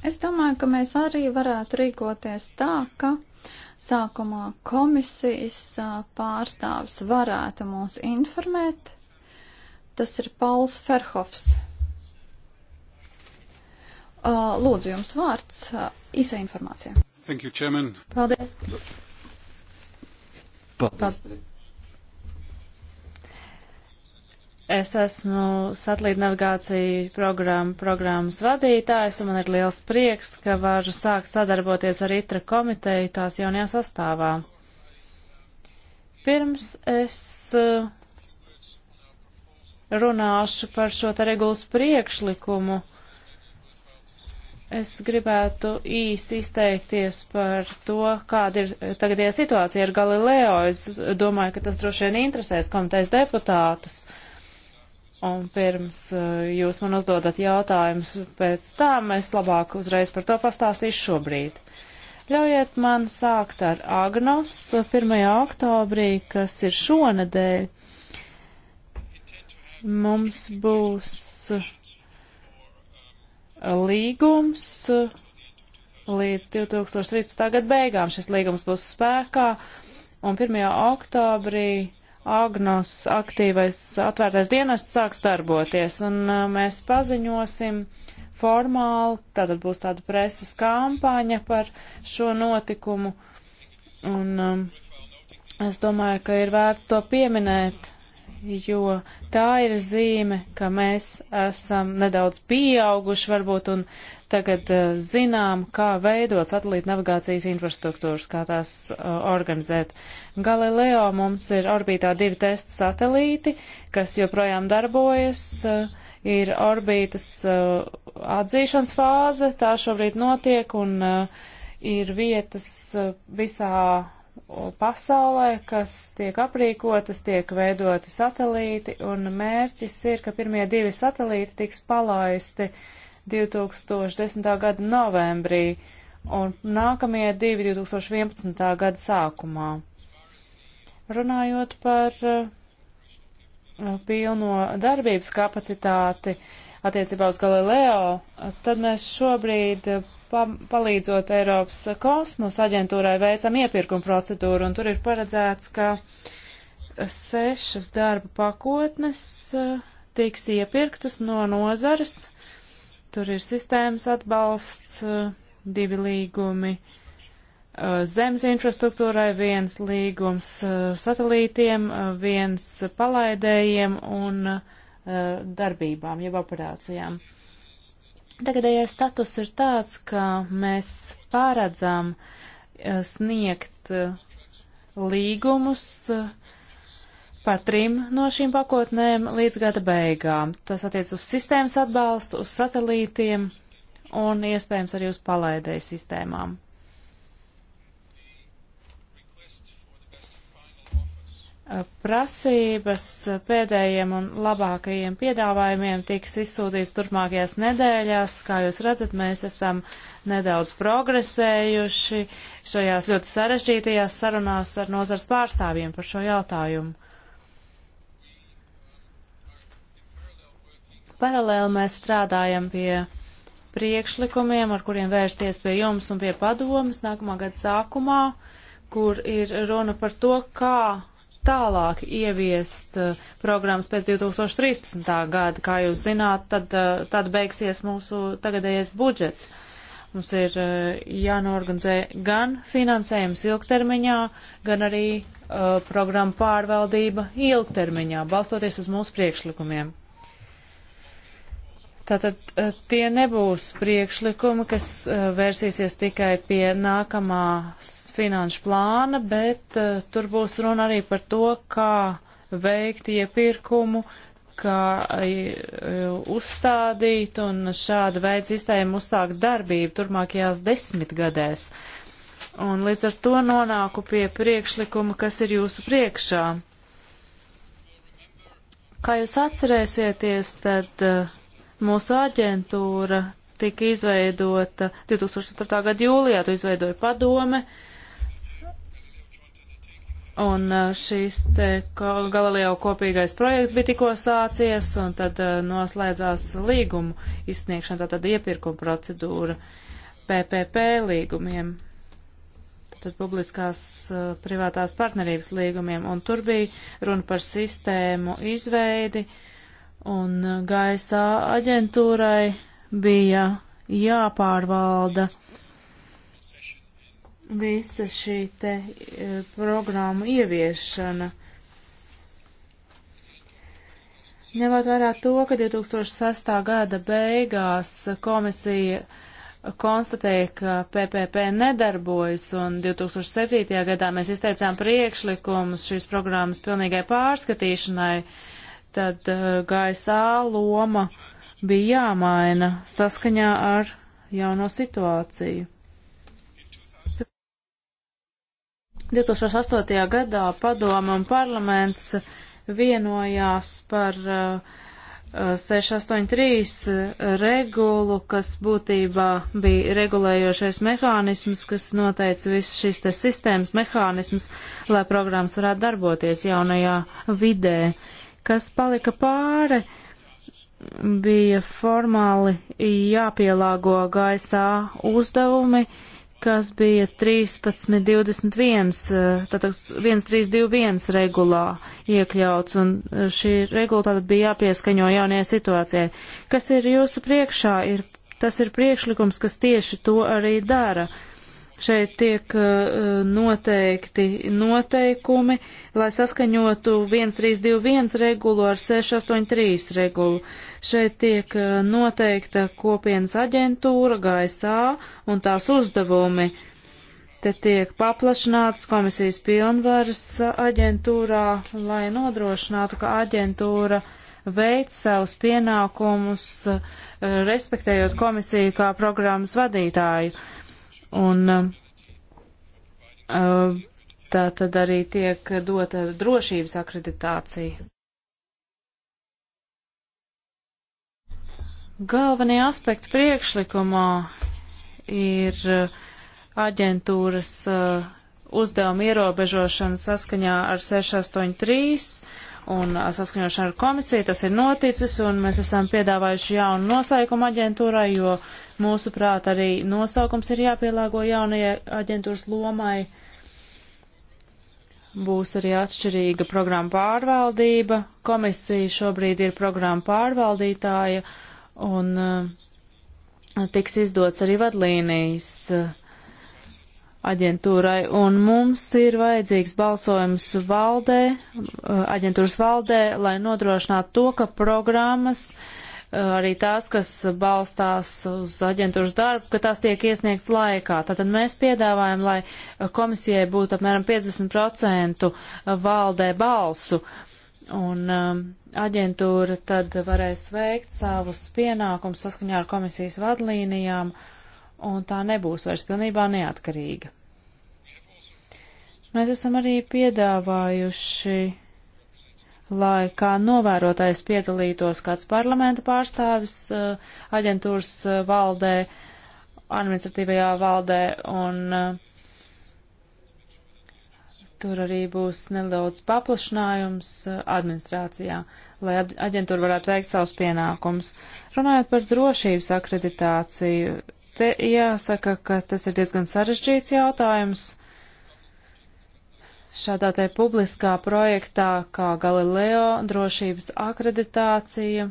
Es domāju, ka mēs arī varētu rīkoties tā, ka sākumā komisijas pārstāvis varētu mūs informēt. Tas ir Pauls Ferhofs. Uh, lūdzu, jums vārds uh, īsā informācijā. Thank you, Chairman. Paldies. Paldies. Es esmu satelīta navigācija programma, programmas vadītājs, un man ir liels prieks, ka varu sākt sadarboties ar ITRA komiteju tās jaunajā sastāvā. Pirms es uh, runāšu par šo te regulas priekšlikumu Es gribētu īsi izteikties par to, kāda ir tagadējā situācija ar Galileo. Es domāju, ka tas droši vien interesēs komitejas deputātus. Un pirms uh, jūs man uzdodat jautājumus pēc tam, es labāk uzreiz par to pastāstīšu šobrīd. Ļaujiet man sākt ar Agnos 1. oktobrī, kas ir šonadēļ. Mums būs līgums uh, līdz 2013. gada beigām. Šis līgums būs spēkā un 1. oktobrī Agnos aktīvais atvērtais dienests sāks darboties un uh, mēs paziņosim formāli, tātad būs tāda preses kampaņa par šo notikumu un um, es domāju, ka ir vērts to pieminēt jo tā ir zīme, ka mēs esam nedaudz pieauguši varbūt un tagad uh, zinām, kā veidot satelīta navigācijas infrastruktūras, kā tās uh, organizēt. Galileo mums ir orbītā divi testa satelīti, kas joprojām darbojas. Uh, ir orbītas uh, atzīšanas fāze, tā šobrīd notiek un uh, ir vietas uh, visā pasaulē, kas tiek aprīkotas, tiek veidoti satelīti, un mērķis ir, ka pirmie divi satelīti tiks palaisti 2010. gada novembrī, un nākamie divi 2011. gada sākumā. Runājot par uh, pilno darbības kapacitāti attiecībā uz Galileo, tad mēs šobrīd pa palīdzot Eiropas kosmosa aģentūrai veicam iepirkuma procedūru, un tur ir paredzēts, ka sešas darba pakotnes e, tiks iepirktas no nozares. Tur ir sistēmas atbalsts, e, divi līgumi e, zemes infrastruktūrai, viens līgums satelītiem, viens palaidējiem un darbībām, jeb operācijām. Tagadējais status ir tāds, ka mēs pāredzam eh, sniegt eh, līgumus eh, par trim no šīm pakotnēm līdz gada beigām. Tas attiec uz sistēmas atbalstu, uz satelītiem un iespējams arī uz palaidēju sistēmām. prasības pēdējiem un labākajiem piedāvājumiem tiks izsūtīts turpmākajās nedēļās. Kā jūs redzat, mēs esam nedaudz progresējuši šajās ļoti sarežģītajās sarunās ar nozars pārstāvjiem par šo jautājumu. Paralēli mēs strādājam pie priekšlikumiem, ar kuriem vērsties pie jums un pie padomas nākamā gada sākumā, kur ir runa par to, kā tālāk ieviest uh, programmas pēc 2013. gada. Kā jūs zināt, tad, uh, tad beigsies mūsu tagadējais budžets. Mums ir uh, jānorganizē gan finansējums ilgtermiņā, gan arī uh, programma pārvaldība ilgtermiņā, balstoties uz mūsu priekšlikumiem. Tātad uh, tie nebūs priekšlikumi, kas uh, vērsīsies tikai pie nākamās finanšu plāna, bet uh, tur būs runa arī par to, kā veikt iepirkumu, kā uh, uzstādīt un šāda veida sistēma uzsākt darbību turmākajās desmitgadēs. Un līdz ar to nonāku pie priekšlikuma, kas ir jūsu priekšā. Kā jūs atcerēsieties, tad uh, mūsu aģentūra tika izveidota 2004. gada jūlijā, to izveidoja padome. Uh, Un uh, šīs te Galileo kopīgais projekts bija tikko sācies, un tad uh, noslēdzās līgumu izsniegšana, tātad iepirkuma procedūra PPP līgumiem, tad publiskās uh, privātās partnerības līgumiem, un tur bija runa par sistēmu izveidi, un gaisā aģentūrai bija jāpārvalda uh, visa šī te e, programma ieviešana. Ņemot vērā to, ka 2006. gada beigās komisija konstatēja, ka PPP nedarbojas, un 2007. gadā mēs izteicām priekšlikumus šīs programmas pilnīgai pārskatīšanai, tad e, GSA loma bija jāmaina saskaņā ar jauno situāciju. 2008. gadā padoma un parlaments vienojās par uh, 683 regulu, kas būtībā bija regulējošais mehānisms, kas noteica visu šīs te sistēmas mehānismus, lai programmas varētu darboties jaunajā vidē. Kas palika pāri, bija formāli jāpielāgo gaisā uzdevumi, uh, kas bija 13.21, eh, tātad 1.321 regulā iekļauts, un eh, šī regula tātad bija jāpieskaņo jaunajai situācijai. Kas ir jūsu priekšā? Ir, tas ir priekšlikums, kas tieši to arī dara. Uh, Šeit tiek uh, noteikti noteikumi, lai saskaņotu 1321 regulu ar 683 regulu. Šeit tiek uh, noteikta kopienas aģentūra, GSA un tās uzdevumi. Te tiek paplašināts komisijas pilnvaras aģentūrā, lai nodrošinātu, ka aģentūra veic savus pienākumus, uh, respektējot komisiju kā programmas vadītāju. Uh, Un uh, tā tad arī tiek dota drošības akreditācija. Galvenie aspekti priekšlikumā ir uh, aģentūras uh, uzdevuma ierobežošana saskaņā ar 683 un saskaņošana ar komisiju. Tas ir noticis, un mēs esam piedāvājuši jaunu nosaukumu aģentūrai, jo mūsuprāt arī nosaukums ir jāpielāgo jaunajai aģentūras lomai. Būs arī atšķirīga programma pārvaldība. Komisija šobrīd ir programma pārvaldītāja, un tiks izdots arī vadlīnijas aģentūrai, un mums ir vajadzīgs balsojums valdē, eh, aģentūras valdē, lai nodrošinātu to, ka programmas, eh, arī tās, kas balstās uz aģentūras darbu, ka tās tiek iesniegts laikā. Tātad mēs piedāvājam, lai komisijai būtu apmēram 50% valdē balsu, un um, aģentūra tad varēs veikt savus pienākumus saskaņā ar komisijas vadlīnijām. Uh, un tā nebūs vairs pilnībā neatkarīga. Mēs esam arī piedāvājuši, lai kā novērotājs piedalītos kāds parlamenta pārstāvis uh, aģentūras uh, valdē, administratīvajā valdē un uh, Tur arī būs nedaudz paplašinājums uh, administrācijā, lai aģentūra varētu veikt savus pienākumus. Runājot par drošības akreditāciju, Te jāsaka, ka tas ir diezgan sarežģīts jautājums. Šādā te publiskā projektā kā Galileo drošības akreditācija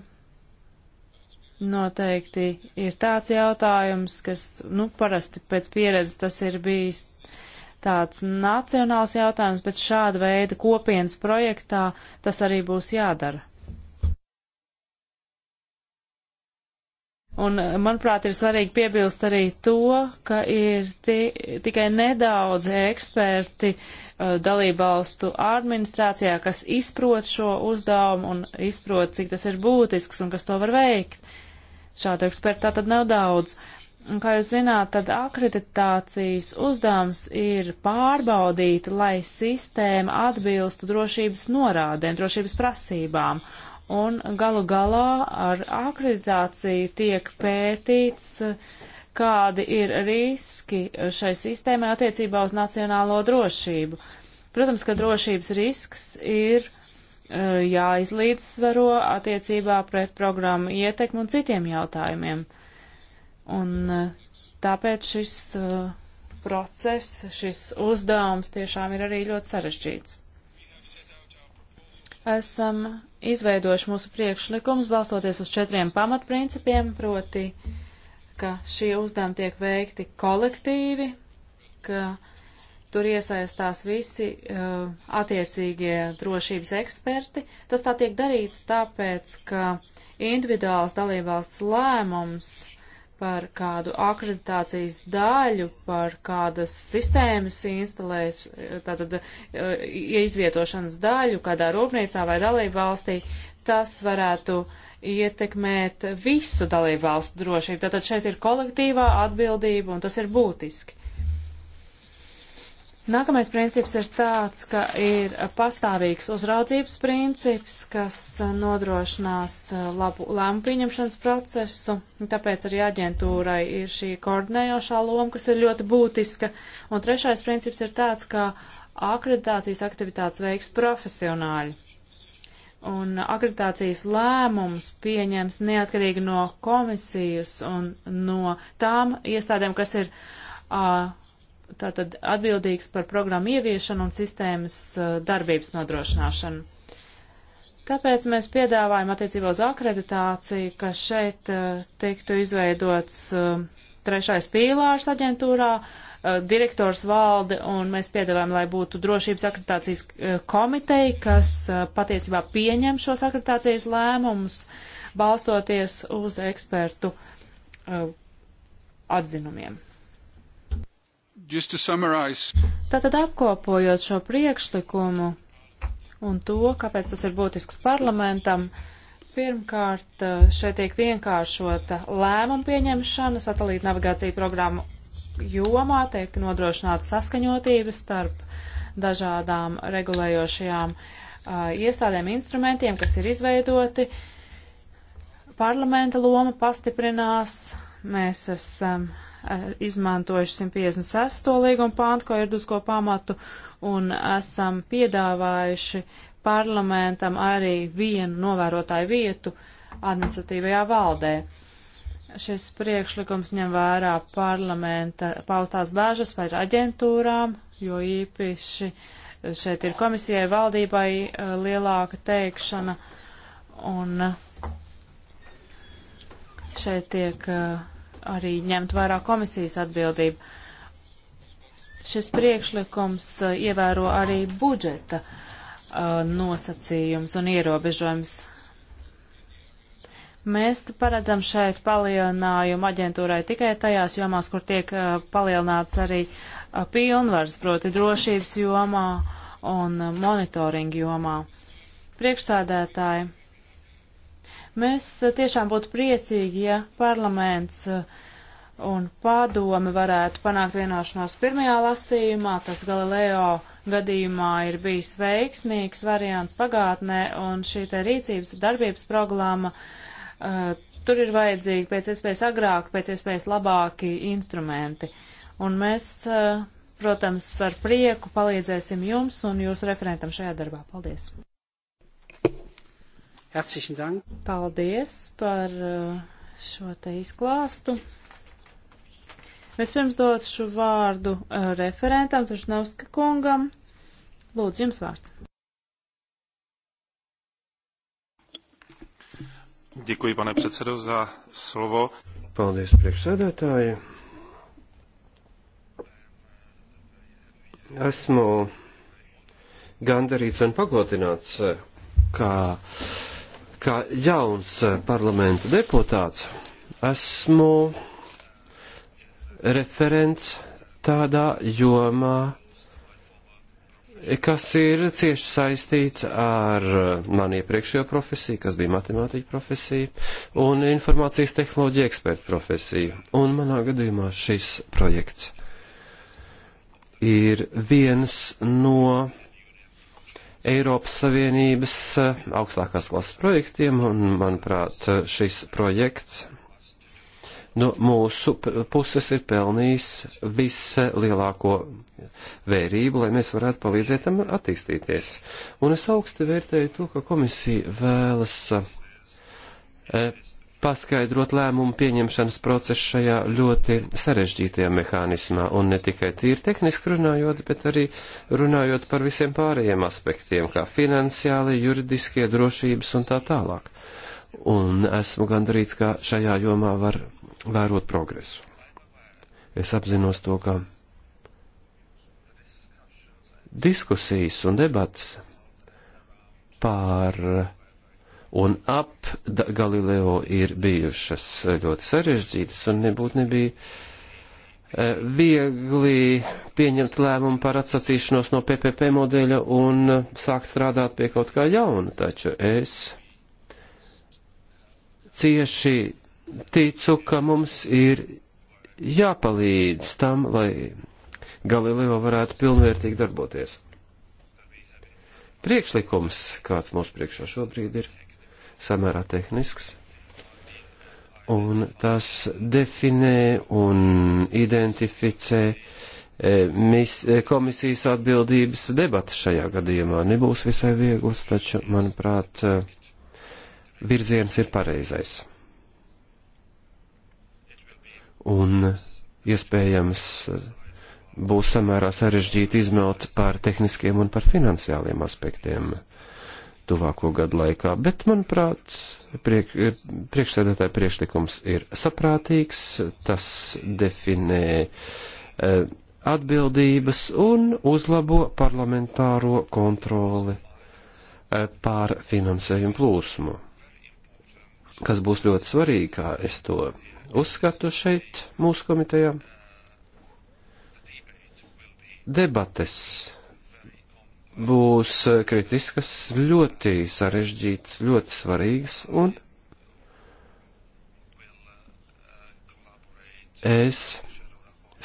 noteikti ir tāds jautājums, kas, nu, parasti pēc pieredzes tas ir bijis tāds nacionāls jautājums, bet šāda veida kopienas projektā tas arī būs jādara. Un, eh, manuprāt, ir svarīgi piebilst arī to, ka ir tikai nedaudz eksperti uh, dalībvalstu administrācijā, kas izprot šo uzdevumu un izprot, cik tas ir būtisks un kas to var veikt. Šādu ekspertu tā tad nav daudz. Un, kā jūs zināt, tad akreditācijas uzdevums ir pārbaudīt, lai sistēma atbilstu drošības norādēm, drošības prasībām un galu galā ar akreditāciju tiek pētīts, kādi ir riski šai sistēmai attiecībā uz nacionālo drošību. Protams, ka drošības risks ir e, jāizlīdzsvaro attiecībā pret programmu ietekmu un citiem jautājumiem. Un e, tāpēc šis e, process, šis uzdevums tiešām ir arī ļoti sarežģīts esam izveidojuši mūsu priekšlikums balstoties uz četriem pamatprincipiem, proti, ka šie uzdevumi tiek veikti kolektīvi, ka tur iesaistās visi uh, attiecīgie drošības eksperti. Tas tā tiek darīts tāpēc, ka individuāls dalībvalsts lēmums par kādu akreditācijas daļu, par kādas sistēmas instalēs, tātad e, izvietošanas daļu kādā rūpnīcā vai dalību valstī, tas varētu ietekmēt visu dalību valstu drošību. Tātad šeit ir kolektīvā atbildība un tas ir būtiski. Nākamais princips ir tāds, ka ir pastāvīgs uzraudzības princips, kas nodrošinās uh, labu lēmu pieņemšanas procesu. Tāpēc arī aģentūrai ir šī koordinējošā loma, kas ir ļoti būtiska. Un trešais princips ir tāds, ka akreditācijas aktivitātes veiks profesionāļi. Un akreditācijas lēmums pieņems neatkarīgi no komisijas un no tām iestādēm, kas ir. Uh, tātad atbildīgs par programmu ieviešanu un sistēmas uh, darbības nodrošināšanu. Tāpēc mēs piedāvājam attiecībā uz akreditāciju, ka šeit uh, tiktu izveidots uh, trešais pīlārs aģentūrā, direktors valde, un mēs piedāvājam, lai būtu drošības akreditācijas komiteja, kas patiesībā pieņem šos akreditācijas lēmumus, balstoties uz ekspertu atzinumiem. Tātad apkopojot šo priekšlikumu un to, kāpēc tas ir būtisks parlamentam, pirmkārt, šeit tiek vienkāršota lēmuma pieņemšana satelīta navigācija programmu jomā, tiek nodrošināta saskaņotība starp dažādām regulējošajām uh, iestādēm, instrumentiem, kas ir izveidoti. Parlamenta loma pastiprinās, mēs esam um, Eh, izmantojuši 156. līguma pāntu, ko ir dusko pamatu, un esam piedāvājuši parlamentam arī vienu novērotāju vietu administratīvajā valdē. Šis priekšlikums ņem vērā parlamenta paustās bāžas par aģentūrām, jo īpaši šeit ir komisijai valdībai eh, lielāka teikšana, un šeit tiek uh, arī ņemt vērā komisijas atbildību. Šis priekšlikums uh, ievēro arī budžeta uh, nosacījums un ierobežojums. Mēs paredzam šeit palielinājumu aģentūrai tikai tajās jomās, kur tiek uh, palielināts arī uh, pilnvars, proti drošības jomā un uh, monitoringa jomā. Priekšsādētāji, Mēs eh, tiešām būtu priecīgi, ja parlaments eh, un padome varētu panākt vienošanos pirmajā lasījumā. Tas Galileo gadījumā ir bijis veiksmīgs variants pagātnē, un šī te rīcības darbības programma, eh, tur ir vajadzīgi pēc iespējas agrāk, pēc iespējas labāki instrumenti. Un mēs, protams, ar prieku palīdzēsim jums un jūsu referentam šajā darbā. Paldies! Herzlichen Dank. Paldies par uh, šo te izklāstu. Vispirms došu vārdu uh, referentam Tušnovska kungam. Lūdzu, jums vārds. Děkuji, pane předsedo, za slovo. Paldies, priekšsēdētāji. Esmu gandarīts un pagodināts, ka uh, kā jauns parlamenta deputāts esmu referents tādā jomā, kas ir cieši saistīts ar mani iepriekšējo profesiju, kas bija matemātika profesija, un informācijas tehnoloģija eksperta profesija. Un manā gadījumā šis projekts ir viens no Eiropas Savienības eh, augstākās klases projektiem, un, manuprāt, eh, šis projekts no nu, mūsu puses ir pelnījis vislielāko vērību, lai mēs varētu palīdzēt tam attīstīties. Un es augsti vērtēju to, ka komisija vēlas eh, paskaidrot lēmumu pieņemšanas procesu šajā ļoti sarežģītajā mehānismā, un ne tikai tīri tehniski runājot, bet arī runājot par visiem pārējiem aspektiem, kā finansiāli, juridiskie, drošības un tā tālāk. Un esmu gandarīts, ka šajā jomā var vērot progresu. Es apzinos to, ka diskusijas un debatas pār un ap Galileo ir bijušas ļoti sarežģītas un nebūtu nebija e, viegli pieņemt lēmumu par atsacīšanos no PPP modeļa un sākt strādāt pie kaut kā jauna, taču es cieši ticu, ka mums ir jāpalīdz tam, lai Galileo varētu pilnvērtīgi darboties. Priekšlikums, kāds mums priekšā šobrīd ir samērā tehnisks, un tas definē un identificē e, mis, e, komisijas atbildības debatas šajā gadījumā. Nebūs visai vieglas, taču, manuprāt, e, virziens ir pareizais. Un iespējams būs samērā sarežģīti izmelt par tehniskiem un par finansiāliem aspektiem. Uh, tuvāko gadu laikā, bet, manuprāt, priek, priekšsēdētāja priekšlikums ir saprātīgs, tas definē e, atbildības un uzlabo parlamentāro kontroli e, pār finansējumu plūsmu, kas būs ļoti svarīgi, kā es to uzskatu šeit mūsu komitejā. Debates būs eh, kritiskas, ļoti sarežģītas, ļoti svarīgas, un es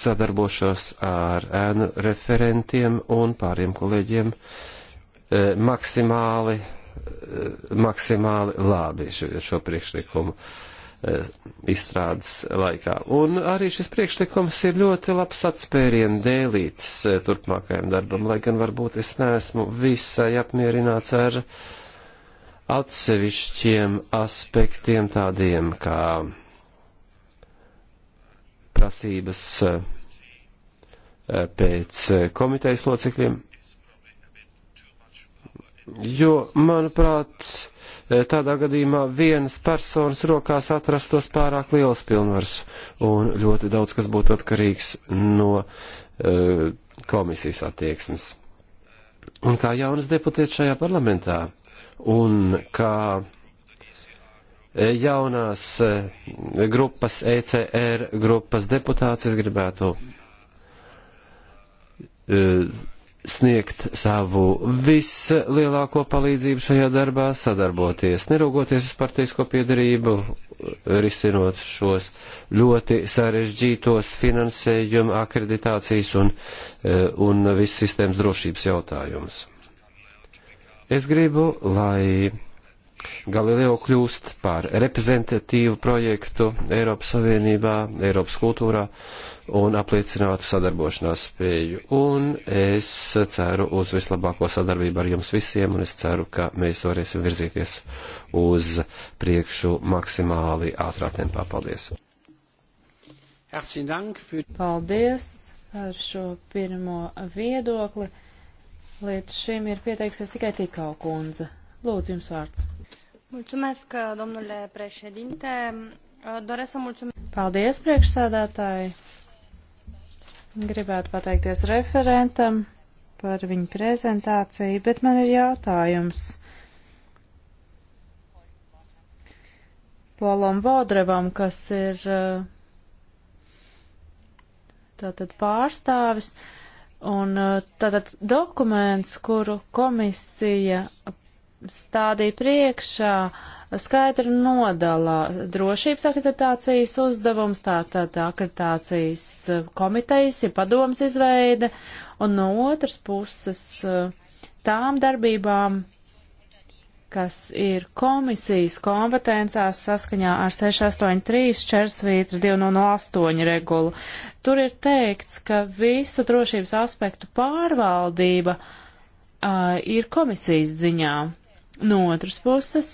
sadarbošos ar ēnu referentiem un pāriem kolēģiem eh, maksimāli, eh, maksimāli labi šo, šo priekšlikumu. Uh, Eh, izstrādes laikā. Un arī šis priekšlikums ir ļoti labs atspērien dēlīts eh, turpmākajam darbam, lai gan varbūt es neesmu visai apmierināts ar atsevišķiem aspektiem tādiem kā prasības eh, pēc komitejas locekļiem jo, manuprāt, tādā gadījumā vienas personas rokās atrastos pārāk liels pilnvars un ļoti daudz kas būtu atkarīgs no uh, komisijas attieksmes. Un kā jaunas deputētas šajā parlamentā un kā eh, jaunās eh, grupas ECR grupas deputāts es gribētu uh, sniegt savu vislielāko palīdzību šajā darbā, sadarboties, neraugoties uz partijasko piedarību, risinot šos ļoti sarežģītos finansējuma, akreditācijas un, eh, un viss sistēmas drošības jautājumus. Es gribu, lai Galileo kļūst par reprezentatīvu projektu Eiropas Savienībā, Eiropas kultūrā un apliecinātu sadarbošanās spēju. Un es ceru uz vislabāko sadarbību ar jums visiem, un es ceru, ka mēs varēsim virzīties uz priekšu maksimāli ātrā tempā. Paldies! Paldies par šo pirmo viedokli. Līdz šim ir pieteiksies tikai tikau kundze. Lūdzu, jums vārds. Mulțumesc, domnule președinte. Doresc să mulțumesc. Paldies, priekšsēdētāji. Gribētu pateikties referentam par viņu prezentāciju, bet man ir jautājums. Polam Vodrevam, kas ir eh, tātad pārstāvis, un eh, tātad dokuments, kuru komisija stādīja priekšā skaidri nodala drošības akreditācijas uzdevums, tātad tā, akreditācijas komitejas, ir padomas izveide, un no otras puses tām darbībām, kas ir komisijas kompetencās saskaņā ar 683 čersvītra 208 regulu. Tur ir teikts, ka visu drošības aspektu pārvaldība uh, ir komisijas ziņā. No otras puses,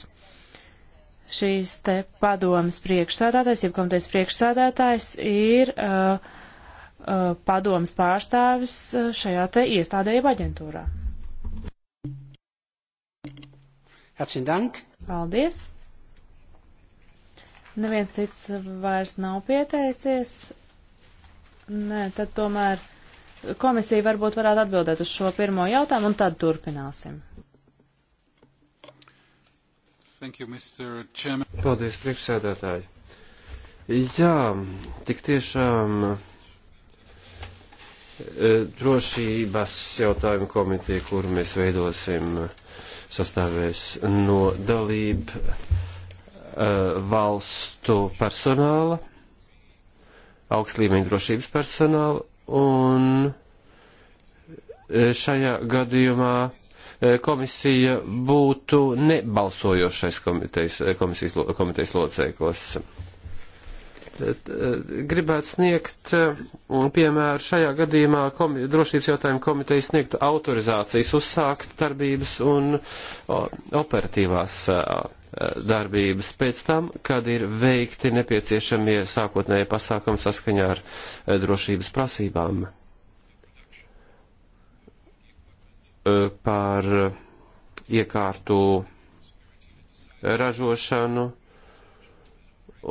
šīs te padomas priekšsādātājs, jeb komitejas priekšsādātājs ir uh, uh, padomas pārstāvis uh, šajā te iestādējuma aģentūrā. Herzlichen Dank. Paldies. Neviens cits vairs nav pieteicies. Nē, tad tomēr komisija varbūt varētu atbildēt uz šo pirmo jautājumu un tad turpināsim. Thank you, Mr. Chairman. Paldies, priekšsēdētāji. Jā, tik tiešām e, drošības jautājumu komiteja, kuru mēs veidosim, sastāvēs no dalību e, valstu personāla, augstlīmeņa drošības personāla, un e, šajā gadījumā Eh, komisija būtu nebalsojošais komitejas, eh, komisijas, komitejas loceklis. Eh, gribētu sniegt piemēru šajā gadījumā komi, drošības jautājumu komiteja sniegt autorizācijas uzsākt darbības un operatīvās darbības pēc tam, kad ir veikti nepieciešamie sākotnēji pasākumi saskaņā ar drošības prasībām. Eh, par eh, iekārtu ražošanu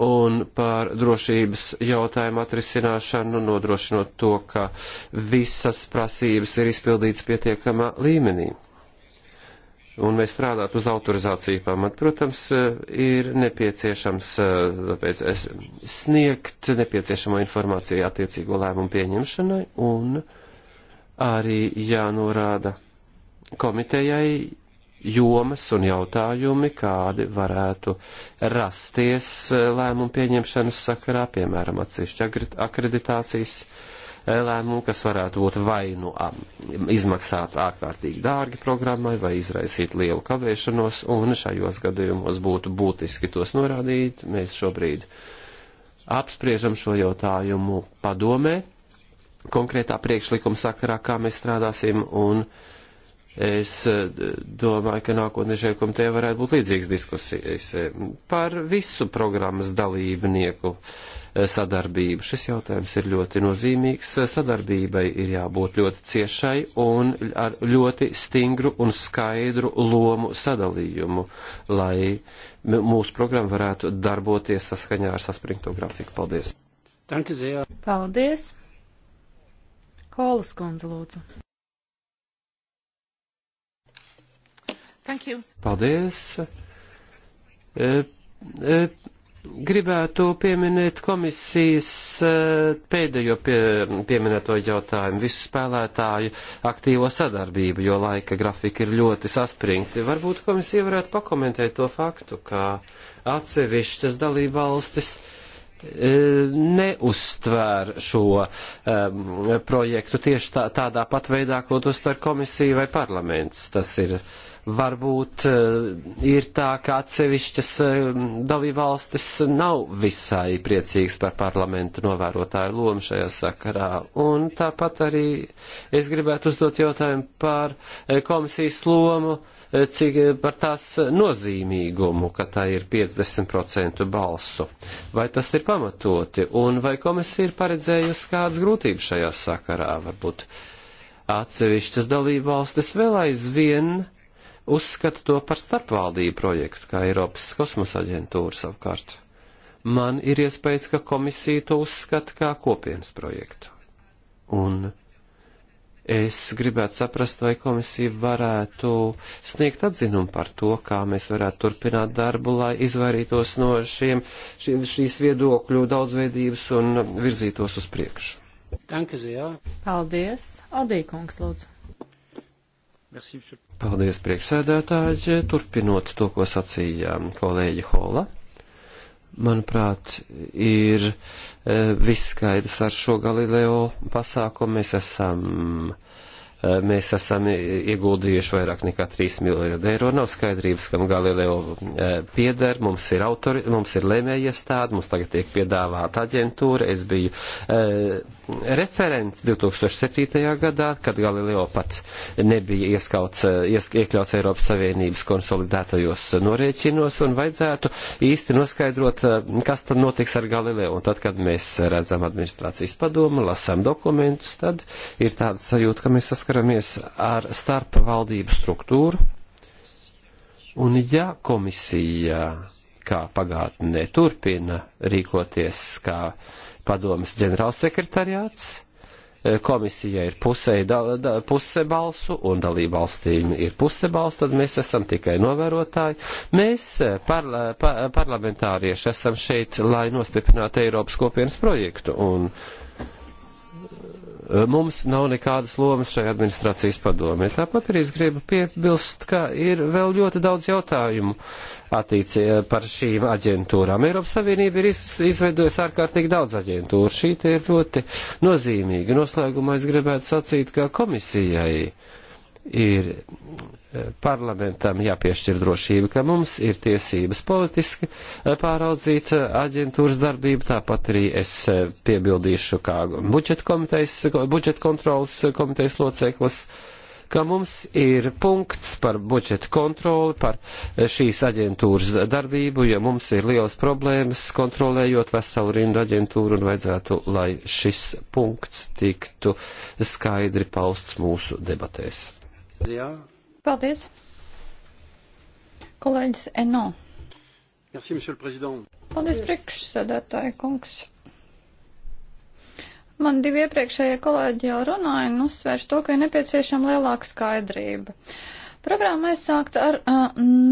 un par drošības jautājumu atrisināšanu, nodrošinot to, ka visas prasības ir izpildītas pietiekamā līmenī. Un mēs strādātu uz autorizāciju pamatu. Protams, eh, ir nepieciešams tāpēc es sniegt nepieciešamo informāciju attiecīgo lēmumu pieņemšanai un arī jānorāda komitejai jomas un jautājumi, kādi varētu rasties eh, lēmumu pieņemšanas sakarā, piemēram, atsevišķi akreditācijas eh, lēmumu, kas varētu būt vai nu izmaksāt ārkārtīgi dārgi programmai, vai izraisīt lielu kavēšanos, un šajos gadījumos būtu būtiski tos norādīt. Mēs šobrīd apspriežam šo jautājumu padomē, konkrētā priekšlikuma sakarā, kā mēs strādāsim, un uh, Es eh, domāju, ka nākotnē šajā komitejā varētu būt līdzīgas diskusijas eh, par visu programmas dalībnieku eh, sadarbību. Šis jautājums ir ļoti nozīmīgs. Sadarbībai ir jābūt ļoti ciešai un ar ļoti stingru un skaidru lomu sadalījumu, lai mūsu programma varētu darboties saskaņā ar saspringto grafiku. Paldies! Paldies! Holas kundze lūdzu. Thank you. Paldies. E, e, gribētu pieminēt komisijas e, pēdējo pie, pieminēto jautājumu, visu spēlētāju aktīvo sadarbību, jo laika grafika ir ļoti saspringti. Varbūt komisija varētu pakomentēt to faktu, ka atsevišķas dalībvalstis e, neuztvēr šo um, projektu tieši tā, tādā pat veidā, ko to star komisija vai parlaments. Tas ir uh, varbūt eh, ir tā, ka atsevišķas eh, dalībvalstis nav visai priecīgas par parlamentu novērotāju lomu šajā sakarā. Un tāpat arī es gribētu uzdot jautājumu par eh, komisijas lomu, cik par tās nozīmīgumu, ka tā ir 50% balsu. Vai tas ir pamatoti? Un vai komisija ir paredzējusi kādas grūtības šajā sakarā? Varbūt atsevišķas dalībvalstis vēl aizvien uzskata to par starpvaldību projektu, kā Eiropas kosmosa aģentūra savukārt. Man ir iespējas, ka komisija to uzskata kā kopienas projektu. Un es gribētu saprast, vai komisija varētu sniegt atzinumu par to, kā mēs varētu turpināt darbu, lai izvairītos no šiem, šī, šīs viedokļu daudzveidības un virzītos uz priekšu. Danke sehr. Paldies. Adīkungs, lūdzu. Merci, Paldies, priekšsēdētāji. Turpinot to, ko sacīja kolēģi Hola, manuprāt, ir eh, viss skaidrs ar šo Galileo pasākumu. Mēs esam uh, mēs esam ieguldījuši vairāk nekā 3 miljardu eiro. Nav skaidrības, kam Galileo eh, pieder. Mums ir, autori, mums ir lēmēja iestāde, mums tagad tiek piedāvāta aģentūra. Es biju eh, referents 2007. gadā, kad Galileo pat nebija ieskauts, eh, iesk, iekļauts Eiropas Savienības konsolidētajos norēķinos un vajadzētu īsti noskaidrot, eh, kas tad notiks ar Galileo. Un tad, kad mēs redzam administrācijas padomu, lasām dokumentus, tad ir tāda sajūta, ka mēs saskatām saskaramies ar starpvaldību struktūru, un ja komisija, kā pagātnē, turpina rīkoties kā padomas ģenerālsekretariāts, e, komisija ir pusē, da, da, pusē balsu un dalība valstīm ir puse balsu, tad mēs esam tikai novērotāji. Mēs, e, parla, pa, parlamentārieši, esam šeit, lai nostiprinātu Eiropas kopienas projektu. Un, uh, Eh, mums nav nekādas lomas šajā administrācijas padomē. Tāpat arī es gribu piebilst, ka ir vēl ļoti daudz jautājumu attīci eh, par šīm aģentūrām. Eiropas Savienība ir iz, izveidojusi ārkārtīgi daudz aģentūru. Šī te ir ļoti nozīmīga. Noslēgumā es gribētu sacīt, ka komisijai uh, ir eh, parlamentam jāpiešķir drošība, ka mums ir tiesības politiski eh, pāraudzīt eh, aģentūras darbību, tāpat arī es piebildīšu kā budžeta komitejas, budžeta kontrolas komitejas loceklis, ka mums ir punkts par budžeta kontroli, par šīs aģentūras darbību, jo mums ir lielas problēmas kontrolējot veselu rindu aģentūru un vajadzētu, lai šis punkts tiktu skaidri pausts mūsu debatēs. Jā. Paldies. Kolēģis Eno. Merci, monsieur le président. Paldies, priekšsēdētāji kungs. Man divi iepriekšējie kolēģi jau runāja un uzsvērš to, ka ir nepieciešama lielāka skaidrība. Programma aizsākta ar uh,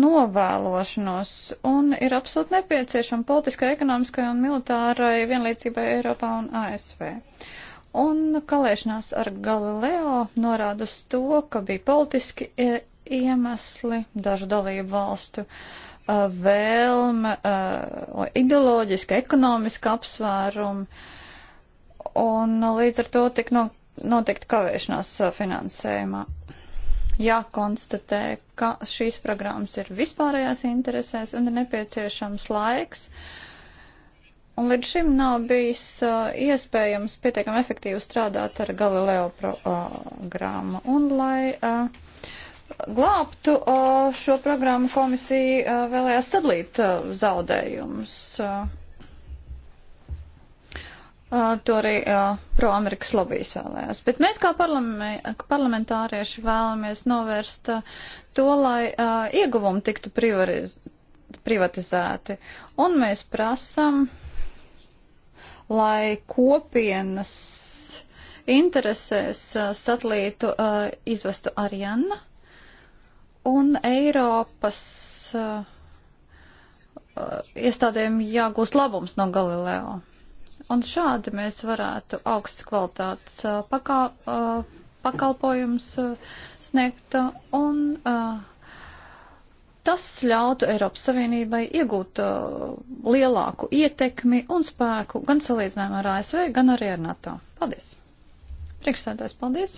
novēlošanos un ir absolūti nepieciešama politiskai, ekonomiskai un militārai vienlīdzībai Eiropā un ASV. Un kalēšanās ar Galileo norāda uz to, ka bija politiski e, iemesli dažu dalību valstu e, vēlme, e, ideoloģiska, ekonomiska apsvērumi, un līdz ar to tik no, notikt kavēšanās finansējumā. Jākonstatē, ka šīs programmas ir vispārējās interesēs un ir nepieciešams laiks, uh, Un līdz šim nav bijis uh, iespējams pietiekami efektīvi strādāt ar Galileo programmu. Un, lai uh, glābtu uh, šo programmu, komisija uh, vēlējās sadalīt uh, zaudējumus. Uh, uh, to arī uh, pro-Amerikas lobijas vēlējās. Bet mēs kā parlame, parlamentārieši vēlamies novērst uh, to, lai uh, ieguvumi tiktu privariz, privatizēti. Un mēs prasam. Uh, lai kopienas interesēs satelītu uh, izvestu Ariana un Eiropas uh, iestādēm jāgūst labums no Galileo. Un šādi mēs varētu augsts kvalitātes pakal, pakalpojums sniegt un uh, Tas ļautu Eiropas Savienībai iegūt uh, lielāku ietekmi un spēku gan salīdzinājumā ar ASV, gan arī ar NATO. Paldies! Priekšsēdājs, paldies!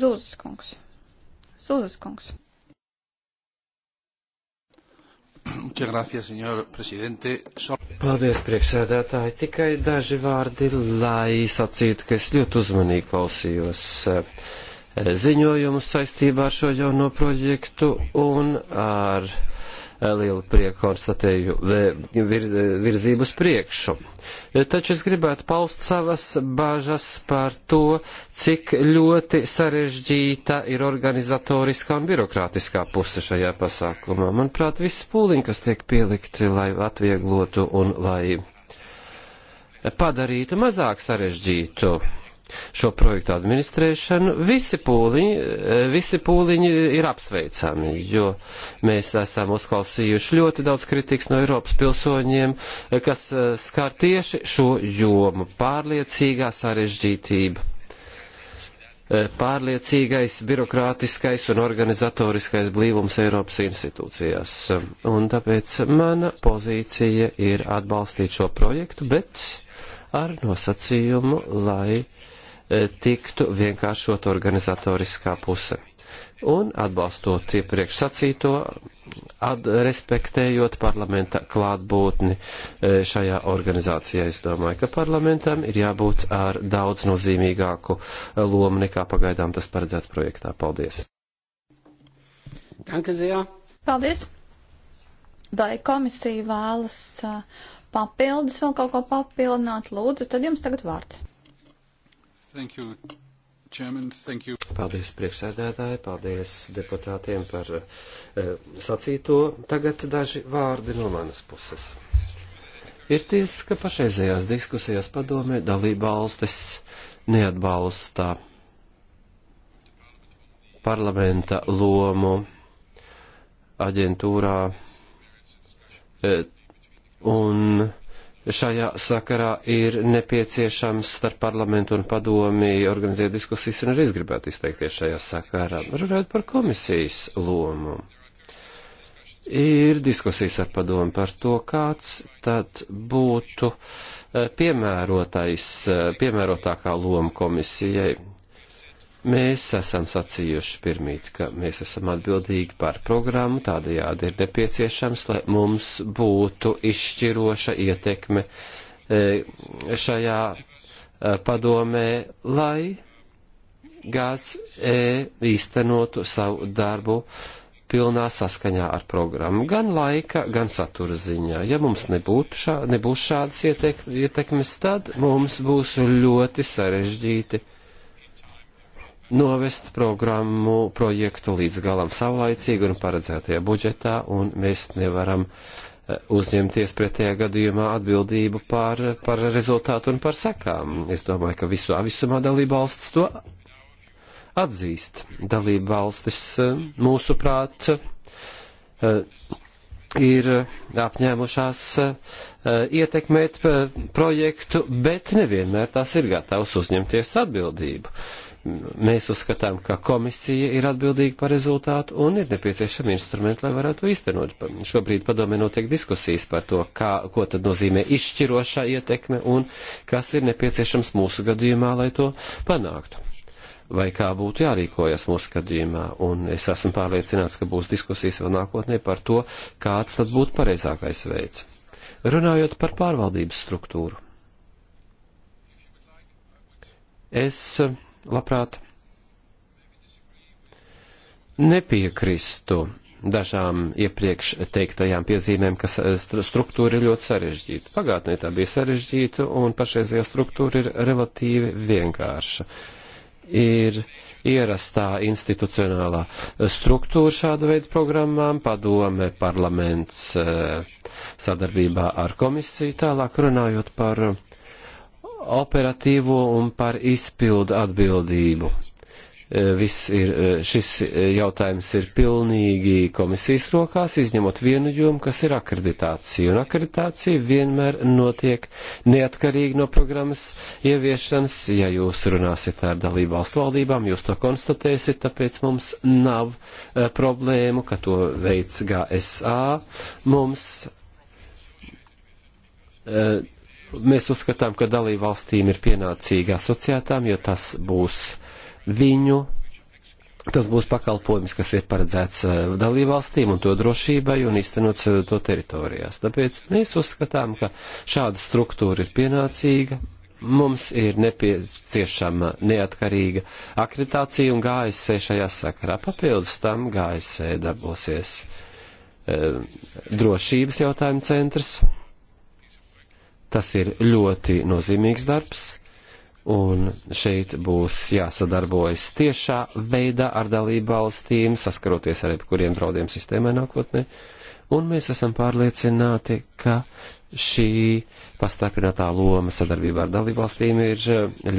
Zūzes kungs. Zūzes kungs. Paldies, priekšsēdētāji. Tikai daži vārdi, lai sacītu, ka es ļoti uzmanīgi klausījos. Uh, ziņojumus saistībā ar šo jauno projektu un ar eh, lielu prieku konstatēju eh, virz, virzību uz priekšu. Eh, taču es gribētu paust savas bažas par to, cik ļoti sarežģīta ir organizatoriskā un birokrātiskā puse šajā pasākumā. Manuprāt, viss pūliņi, kas tiek pielikti, lai atvieglotu un lai padarītu mazāk sarežģītu šo projektu administrēšanu, visi pūliņi, e, visi pūliņi ir apsveicami, jo mēs esam uzklausījuši ļoti daudz kritikas no Eiropas pilsoņiem, e, kas e, skar tieši šo jomu - pārliecīgā sarežģītība. Pārliecīgais, birokrātiskais un organizatoriskais blīvums Eiropas institūcijās. Un tāpēc mana pozīcija ir atbalstīt šo projektu, bet ar nosacījumu, lai uh, Eh, tiktu vienkāršot organizatoriskā puse. Un atbalstot iepriekš sacīto, ad, respektējot parlamenta klātbūtni eh, šajā organizācijā, es domāju, ka parlamentam ir jābūt ar daudz nozīmīgāku eh, lomu nekā pagaidām tas paredzēts projektā. Paldies! Danke sehr! Paldies! Vai komisija vēlas papildus vēl kaut ko papildināt? Lūdzu, tad jums tagad vārds. Thank you, Chairman. Thank you. Paldies priekšsēdētāji, paldies deputātiem par uh, sacīto. Tagad daži vārdi no manas puses. Ir tiesa, ka pašreizējās diskusijās padomē dalībvalstis neatbalsta parlamenta lomu aģentūrā eh, un šajā sakarā ir nepieciešams starp parlamentu un padomi organizēt diskusijas, un arī es gribētu izteikties šajā sakarā. Runājot par komisijas lomu. Ir diskusijas ar padomu par to, kāds tad būtu eh, piemērotais, eh, piemērotākā loma komisijai Mēs esam sacījuši pirmīt, ka mēs esam atbildīgi par programmu, tādējādi ir nepieciešams, lai mums būtu izšķiroša ietekme e, šajā e, padomē, lai gāz e īstenotu savu darbu pilnā saskaņā ar programmu, gan laika, gan satura ziņā. Ja mums nebūtu šā, nebūs šādas ietekmes, tad mums būs ļoti sarežģīti novest programmu projektu līdz galam savlaicīgi un paredzētajā budžetā, un mēs nevaram eh, uzņemties pretējā gadījumā atbildību par, par rezultātu un par sekām. Es domāju, ka visu avisumā dalība valsts to atzīst. Dalība valstis, eh, mūsuprāt, eh, ir apņēmušās ietekmēt projektu, bet nevienmēr tās ir gatavas uzņemties atbildību. Mēs uzskatām, ka komisija ir atbildīga par rezultātu un ir nepieciešami instrumenti, lai varētu īstenot. Šobrīd padomē notiek diskusijas par to, kā, ko tad nozīmē izšķirošā ietekme un kas ir nepieciešams mūsu gadījumā, lai to panāktu. Vai kā būtu jārīkojas mūsu gadījumā, un es esmu pārliecināts, ka būs diskusijas vēl nākotnē par to, kāds tad būtu pareizākais veids. Runājot par pārvaldības struktūru. Es uh, labprāt nepiekristu dažām iepriekš teiktajām piezīmēm, ka eh, struktūra ir ļoti sarežģīta. Pagātnē tā bija sarežģīta, un pašreizējā struktūra ir relatīvi vienkārša. Ir ierastā institucionālā struktūra šāda veida programmām, padome, parlaments eh, sadarbībā ar komisiju, tālāk runājot par operatīvo un par izpildu atbildību. E, viss ir, e, šis jautājums ir pilnīgi komisijas rokās, izņemot vienu jomu, kas ir akreditācija. Un akreditācija vienmēr notiek neatkarīgi no programmas ieviešanas. Ja jūs runāsiet ar dalību valstu valdībām, jūs to konstatēsiet, tāpēc mums nav e, problēmu, ka to veids GSA. Mums. Uh, Mēs uzskatām, ka dalību valstīm ir pienācīgi asociētām, jo tas būs viņu Tas būs pakalpojums, kas ir paredzēts eh, dalībvalstīm un to drošībai un īstenot eh, to teritorijās. Tāpēc mēs uzskatām, ka šāda struktūra ir pienācīga. Mums ir nepieciešama neatkarīga akreditācija un GSC e šajā sakarā. Papildus tam GSC e darbosies e, drošības jautājuma centrs Tas ir ļoti nozīmīgs darbs, un šeit būs jāsadarbojas tiešā veidā ar dalību valstīm, saskaroties ar jebkuriem draudiem sistēmai nākotnē, un mēs esam pārliecināti, ka šī pastarpinātā loma sadarbībā ar dalību valstīm ir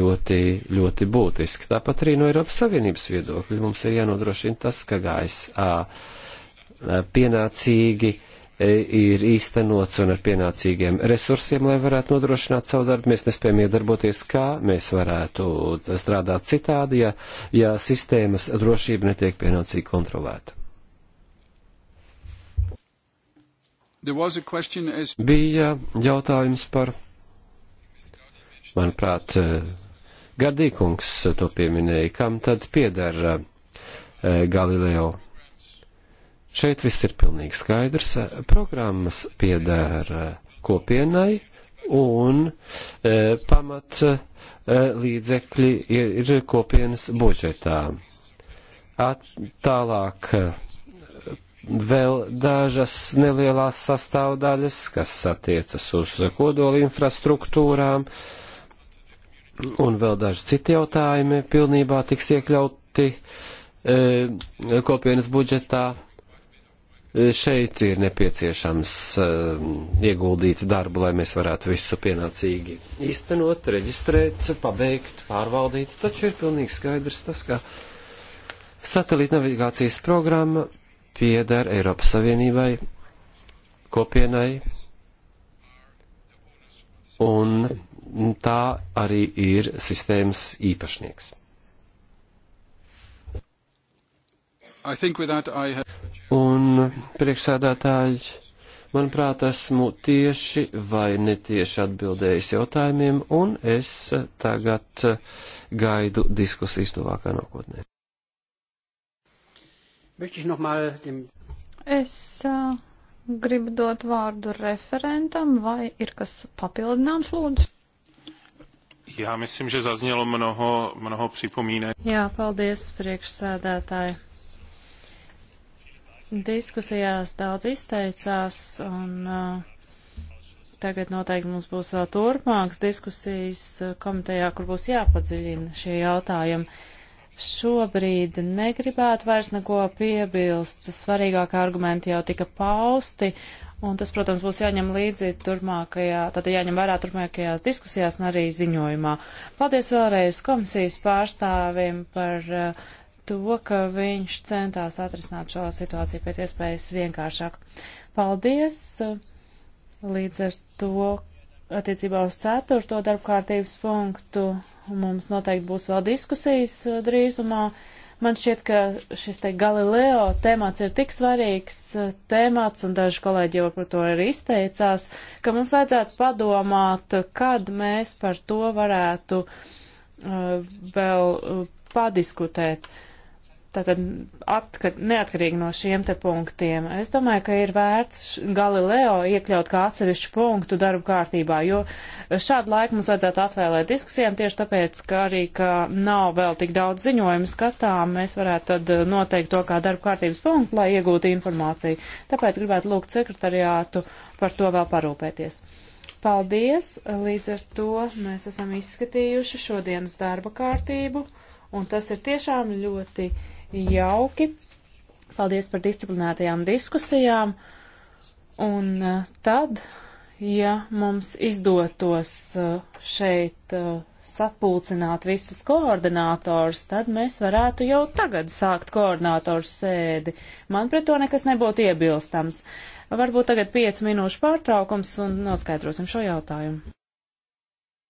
ļoti, ļoti būtiska. Tāpat arī no Eiropas Savienības viedokļa mums ir jānodrošina tas, ka gaisa pienācīgi uh, ir īstenots un ar pienācīgiem resursiem, lai varētu nodrošināt savu darbu. Mēs nespējam iedarboties, kā mēs varētu strādāt citādi, ja, ja sistēmas drošība netiek pienācīgi kontrolēta. As... Bija jautājums par, manuprāt, eh, Gardīkungs to pieminēja, kam tad piedara eh, Galileo Šeit viss ir pilnīgi skaidrs. Programmas piedēra kopienai un e, pamats e, līdzekļi ir kopienas budžetā. At, tālāk e, vēl dažas nelielās sastāvdaļas, kas attiecas uz kodoli infrastruktūrām, un vēl daži citi jautājumi pilnībā tiks iekļauti e, kopienas budžetā šeit ir nepieciešams eh, ieguldīt darbu, lai mēs varētu visu pienācīgi īstenot, reģistrēt, pabeigt, pārvaldīt. Taču ir pilnīgi skaidrs tas, ka satelīta navigācijas programma pieder Eiropas Savienībai, kopienai, un tā arī ir sistēmas īpašnieks. Have... Un priekšsēdētāji, manuprāt, esmu tieši vai netieši atbildējis jautājumiem, un es tagad gaidu diskusijas tuvākā nākotnē. Es uh, gribu dot vārdu referentam, vai ir kas papildināms, lūdzu? Jā, myslím, že zaznělo mnoho, mnoho připomínek. Jā, paldies, priekšsēdētāji. Diskusijās daudz izteicās, un uh, tagad noteikti mums būs vēl turpmākas diskusijas uh, komitejā, kur būs jāpadziļina šie jautājumi. Šobrīd negribētu vairs neko piebilst, svarīgākie argumenti jau tika pausti, un tas, protams, būs jāņem līdzi turpmākajā, tad jāņem vērā turpmākajās diskusijās un arī ziņojumā. Paldies vēlreiz komisijas pārstāvim par uh, to, ka viņš centās atrisināt šo situāciju pēc iespējas vienkāršāk. Paldies! Līdz ar to attiecībā uz ceturto darbkārtības punktu mums noteikti būs vēl diskusijas uh, drīzumā. Man šķiet, ka šis te Galileo temats ir tik svarīgs uh, temats, un daži kolēģi jau par to ir izteicās, ka mums vajadzētu padomāt, kad mēs par to varētu uh, vēl uh, padiskutēt. Uh, tātad atka, neatkarīgi no šiem te punktiem. Es domāju, ka ir vērts Galileo iekļaut kā atsevišķu punktu darbu kārtībā, jo šādu laiku mums vajadzētu atvēlēt diskusijām tieši tāpēc, ka arī, ka nav vēl tik daudz ziņojumu skatām, mēs varētu tad uh, noteikt to kā darbu kārtības punktu, lai iegūtu informāciju. Tāpēc gribētu lūgt sekretariātu par to vēl parūpēties. Paldies! Līdz ar to mēs esam izskatījuši šodienas darba kārtību, un tas ir tiešām ļoti jauki. Paldies par disciplinētajām diskusijām. Un eh, tad, ja mums izdotos eh, šeit eh, sapulcināt visus koordinātors, tad mēs varētu jau tagad sākt koordinātoru sēdi. Man pret to nekas nebūtu iebilstams. Varbūt tagad 5 minūšu pārtraukums un noskaidrosim šo jautājumu.